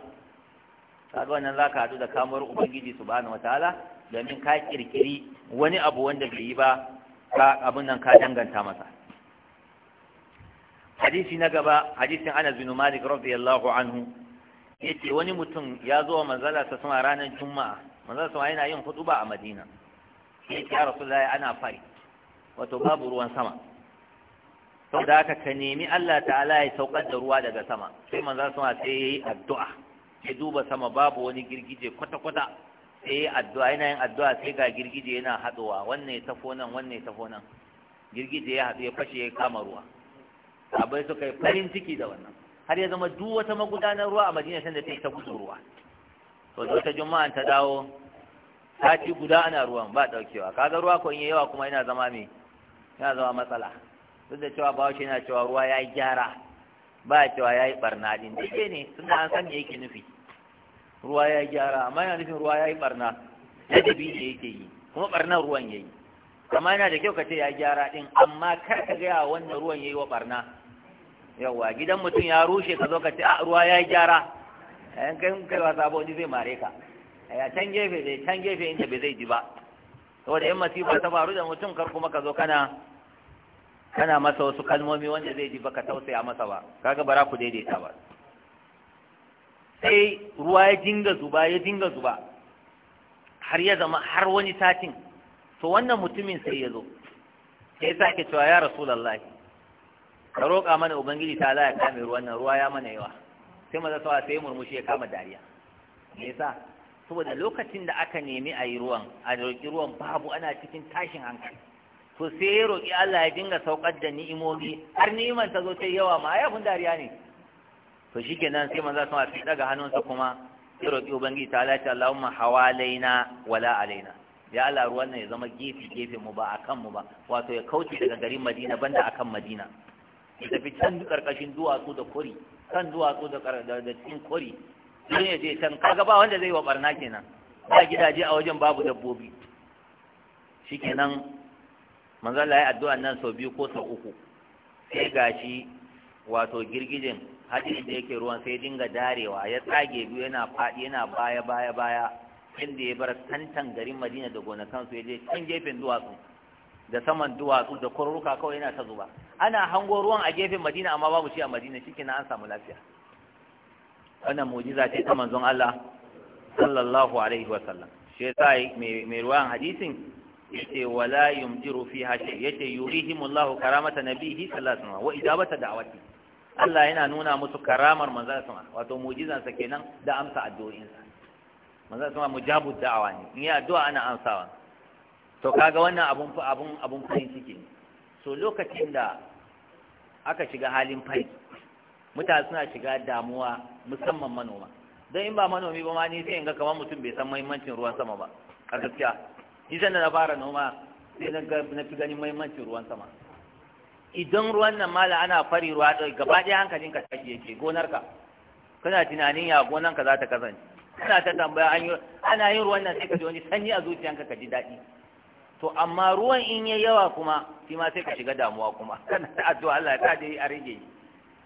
kaga wannan zaka hadu da kamar ubangiji subhanahu wataala domin ka kirkiri wani abu wanda bai yi ba ka abun nan ka danganta masa hadisi na gaba hadisin Anas bin Malik radiyallahu anhu yace wani mutum ya zo wa manzala sa sama ranar juma'a manzon sama yana yin ba a madina sai ya zai ana fari wato babu ruwan sama da aka ka nemi Allah ta'ala ya saukar da ruwa daga sama sai sun sama sai ya yi addu'a ya duba sama babu wani girgije kwata-kwata sai ya yi addu'a yana yin addu'a sai ga girgije yana haɗuwa. wannan ya tafo nan wannan ya tafo nan girgije ya haɗu ya fashe ya kama ruwa abai suka yi farin ciki da wannan har ya zama duk wata magudanar ruwa a madina sanda ta yi ta gudu ruwa to da wata juma'an ta dawo sati guda ana ruwan ba daukewa kaga ruwa ko in yawa kuma yana zama me yana zama matsala duk da cewa ba shi yana cewa ruwa ya yi gyara ba ya cewa ya yi barna din dake ne tunda an san me yake nufi ruwa ya yi gyara amma yana nufin ruwa ya yi barna ladabi ne yake yi kuma barnar ruwan ya yi amma yana da kyau ka ce ya gyara din amma kar ka gaya wannan ruwan ya yi wa barna yawwa gidan mutum ya rushe ka zo ka ce a ah, ruwa ya yi gyara yan kai kai wasa ba wani zai mare ka a can gefe dai can gefe inda bai zai ji ba saboda yan masifa ta faru da mutum kar kuma ka zo kana kana masa wasu kalmomi wanda zai ji baka tausaya masa ba kaga bara ku daidaita ba sai ruwa ya dinga zuba ya dinga zuba har ya zama har wani satin to wannan mutumin sai ya zo sai sake cewa ya rasulullahi ka roƙa mana ubangiji ta Allah ya kame ruwan nan ruwa ya mana yawa sai maza sawa sai murmushi ya kama dariya me yasa saboda lokacin da aka nemi a yi ruwan a roƙi ruwan babu ana cikin tashin hankali to sai ya roƙi Allah ya dinga saukar da ni'imomi har ni'iman ta zo ta yawa ma ya fun dariya ne to shikenan sai maza sawa sai daga hannunsa kuma ya roƙi ubangiji ta lati Allahumma hawalaina wala alaina ya Allah ruwan nan ya zama gefe gefe mu ba akan mu ba wato ya kauce daga garin Madina banda akan Madina ya tafi can karkashin duwatsu da kuri kan duwatsu da da cikin kori don ya je can kaga ba wanda zai wa barna kenan ba gidaje a wajen babu dabbobi shi kenan Allah ya addu'a nan sau biyu ko sau uku sai gashi wato girgijin haɗin da yake ruwan sai dinga darewa ya tsage biyu yana faɗi yana baya baya baya inda ya bar tantan garin Madina da gonakansu ya je can gefen duwatsu da saman duwatsu da kwaruruka kawai yana ta zuba ana hango ruwan a gefen madina amma babu shi a madina shi kenan an samu lafiya wannan mujiza ce ta manzon Allah sallallahu alaihi wasallam shi yasa mai ruwan hadisin yace wala yumjiru fi hashi yace yurihimu yurihimullahu karamata nabihi sallallahu alaihi wasallam wa ijabata da'wati Allah yana nuna musu karamar manzon sama wato mujizan sa kenan da amsa addu'o'in sa manzon sama mujabu da'awa ne in ya addu'a ana amsawa to kaga wannan abun abun abun farin kenan so lokacin da aka shiga halin fari mutane suna shiga damuwa musamman manoma don in ba manomi ba ma ni sai in ga kamar mutum bai san muhimmancin ruwan sama ba a gaskiya ni da na fara noma sai na fi ganin muhimmancin ruwan sama idan ruwan nan mala ana fari ruwa ɗauki eh, gaba ɗaya hankalin ka tashi yake gonarka kana tunanin ya gonar ka za ta kasance kana ta tambaya an yi ana yin ruwan nan sai ka ji wani sanyi a zuciyanka ka ji daɗi to amma ruwan in ya yawa kuma shi ma sai ka shiga damuwa kuma kana addu'a Allah ya dai a rage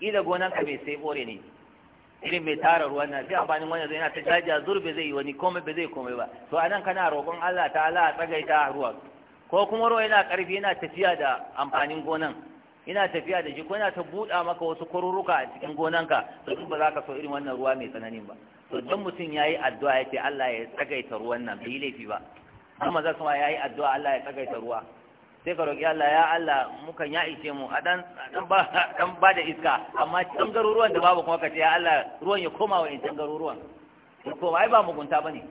ila gonan ka bai sai bore ne irin mai tara ruwan nan sai amfanin wannan zai na ta jaja zurbe zai yi wani komai ba zai komai ba to anan kana roƙon Allah ala a tsagaita ruwa ko kuma ruwa yana ƙarfi yana tafiya da amfanin gonan yana tafiya da shi ko yana ta buɗa maka wasu kururruka a cikin gonanka to duk ba za ka so irin wannan ruwa mai tsananin ba to don mutum ya yi addu'a ya ce Allah ya tsagaita ruwan nan bai laifi ba har maza kuma ya yi addu'a Allah ya tsagaita ruwa sai ka roƙi Allah ya Allah mukan ya ishe mu a dan ba da iska amma can garuruwan da babu kuma ka ce ya Allah ruwan ya koma wa can garuruwan ko ai ba mugunta bane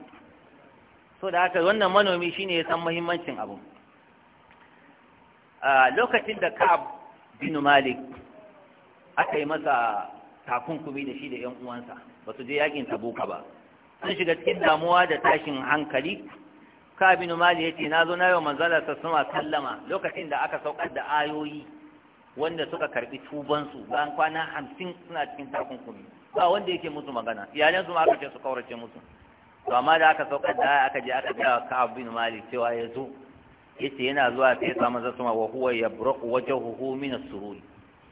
so da haka wannan manomi shine ya san muhimmancin abu a lokacin da Ka'ab bin Malik aka yi masa takunkumi da shi da ‘yan uwansa ba su je yakin tabuka ba sun shiga cikin damuwa da tashin hankali ka bin mali yace na zo na yau manzala ta sama sallama lokacin da aka saukar da ayoyi wanda suka karbi tuban su bayan kwana hamsin suna cikin takunkumi ba wanda yake musu magana iyalansu ma aka ce su kaurace musu to amma da aka saukar da aka je aka ga ka bin mali cewa ya zo yace yana zuwa sai ya samu zasuma wa huwa yabraqu wajhuhu min as-surur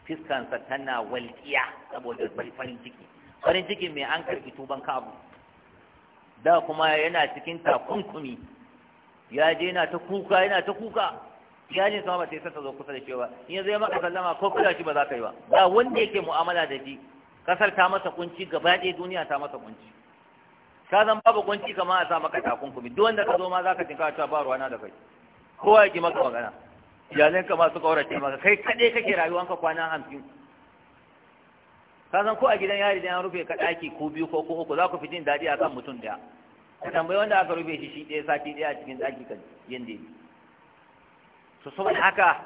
fiskansa tana walƙiya saboda farin ciki farin ciki mai an karbi tuban ka abu da kuma yana cikin takunkumi ya je yana ta kuka yana ta kuka iyalin sama ba sai ta zo kusa da shi ba in yanzu ya maka sallama ko kula shi ba za ka yi ba ba wanda yake mu'amala da shi kasar ta masa kunci gaba ɗaya duniya ta masa kunci ka zan babu kunci kamar a sa maka takunkumi duk wanda ka zo ma za ka tinka ta ba ruwana da kai kowa ya maka magana iyalin ka masu kaurace maka kai kaɗai kake rayuwanka kwana hamsin ka zan ko a gidan yari da ya rufe ka ɗaki ko biyu ko uku za ku fi jin daɗi a kan mutum ɗaya ka tambayi wanda aka rufe shi shi ɗaya sati ɗaya a cikin ɗaki kan yanda yake su saboda haka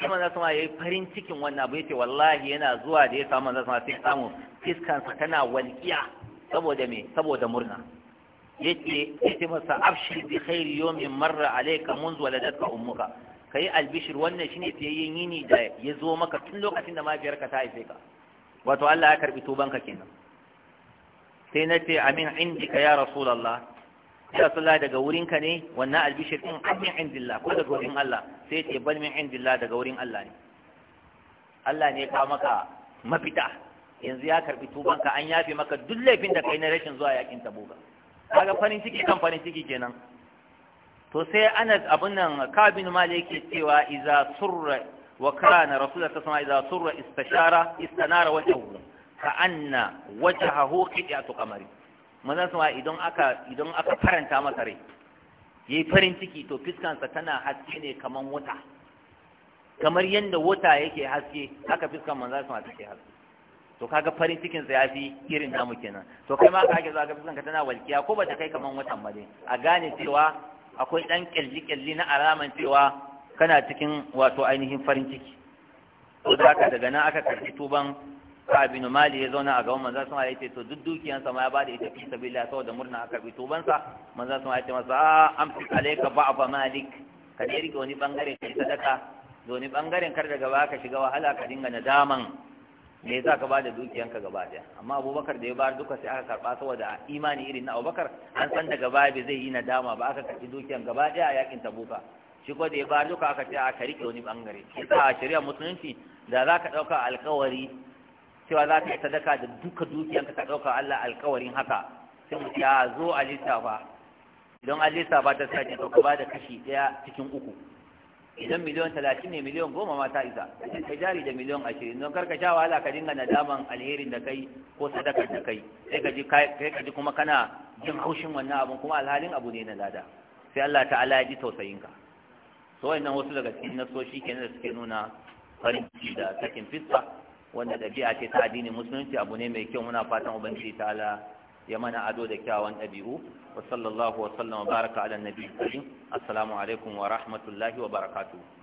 sama na sama yi farin cikin wannan abu yace wallahi yana zuwa da ya samu manzo sama sai samu fiskansa tana walƙiya saboda me saboda murna yace yace masa abshir bi khairi yawmin marra alayka منذ waladatka ummuka kai albishir wannan shine yin yini da ya zo maka tun lokacin da mahaifiyarka ta haife ka wato Allah ya karbi ka kenan sai na ce amin indika ya rasulullah ya sallah daga wurinka ne wannan albishir din min indillah ko daga wurin Allah sai ce bal min indillah daga wurin Allah ne Allah ne ka maka mafita yanzu ya karbi tubanka an yafe maka duk laifin da kai na rashin zuwa yakin tabuka kaga farin ciki kan farin ciki kenan to sai Anas abun nan Kabin Malik yake cewa idza surra wa kana rasulullahi sallallahu alaihi wasallam idza surra istashara istanara wajhuhu ka anna wajhahu qidatu qamari manzon sama idan aka idan aka faranta masa rai yayi farin ciki to fiskansa tana haske ne kaman wata kamar yanda wata yake haske haka fiskan manzon sama take haske to kaga farin cikin sa yafi irin namu kenan to kai ma kage zuwa ka fiskan ka tana walkiya ko bata kai kaman watan ba ne a gane cewa akwai dan kyalli kyalli na alaman cewa kana cikin wato ainihin farin ciki to da daga nan aka karbi tuban ka bin mali ya zauna a gaban manzo sun ayace to duk dukiyansa ma ya bada ita fi sabilillah saboda murna aka bi tubansa manzo sun ayace masa a ah, amsi alayka ba'd malik ka je rike wani bangare kai sadaka da wani bangaren kar daga gaba ka shiga wahala ka dinga nadaman me za ka bada dukiyanka gaba daya amma abubakar da ya bayar duka sai aka karba saboda imani irin na abubakar an san daga baya bai zai yi nadama ba aka karbi dukiyan gaba daya a yakin tabuka shi ko da ya bayar duka aka ce aka rike wani bangare sai a shari'a musulunci da za ka ɗauka alkawari cewa za ta yi sadaka da duka dukiyanka ka ɗauka Allah alkawarin haka sai mu ya zo a lissafa idan an lissafa ta sake to ka bada kashi ɗaya cikin uku idan miliyon talatin ne miliyon goma ma ta isa ka jari da miliyon ashirin don karka sha wahala ka dinga nadaman alherin da kai ko sadakar da kai sai ka ji ka kuma kana jin haushin wannan abun kuma alhalin abu ne na lada sai Allah ta'ala ya ji tausayinka so wannan wasu daga cikin nasoshi kenan da suke nuna farin ciki da sakin fiska wanda ɗabi'a ce ta addinin musulunci abu ne mai kyau muna fatan ubangiji ala ya mana ado da kyawun ɗabi'u wa sallallahu wa sallama baraka ala nabi assalamu alaikum wa rahmatullahi wa barakatuh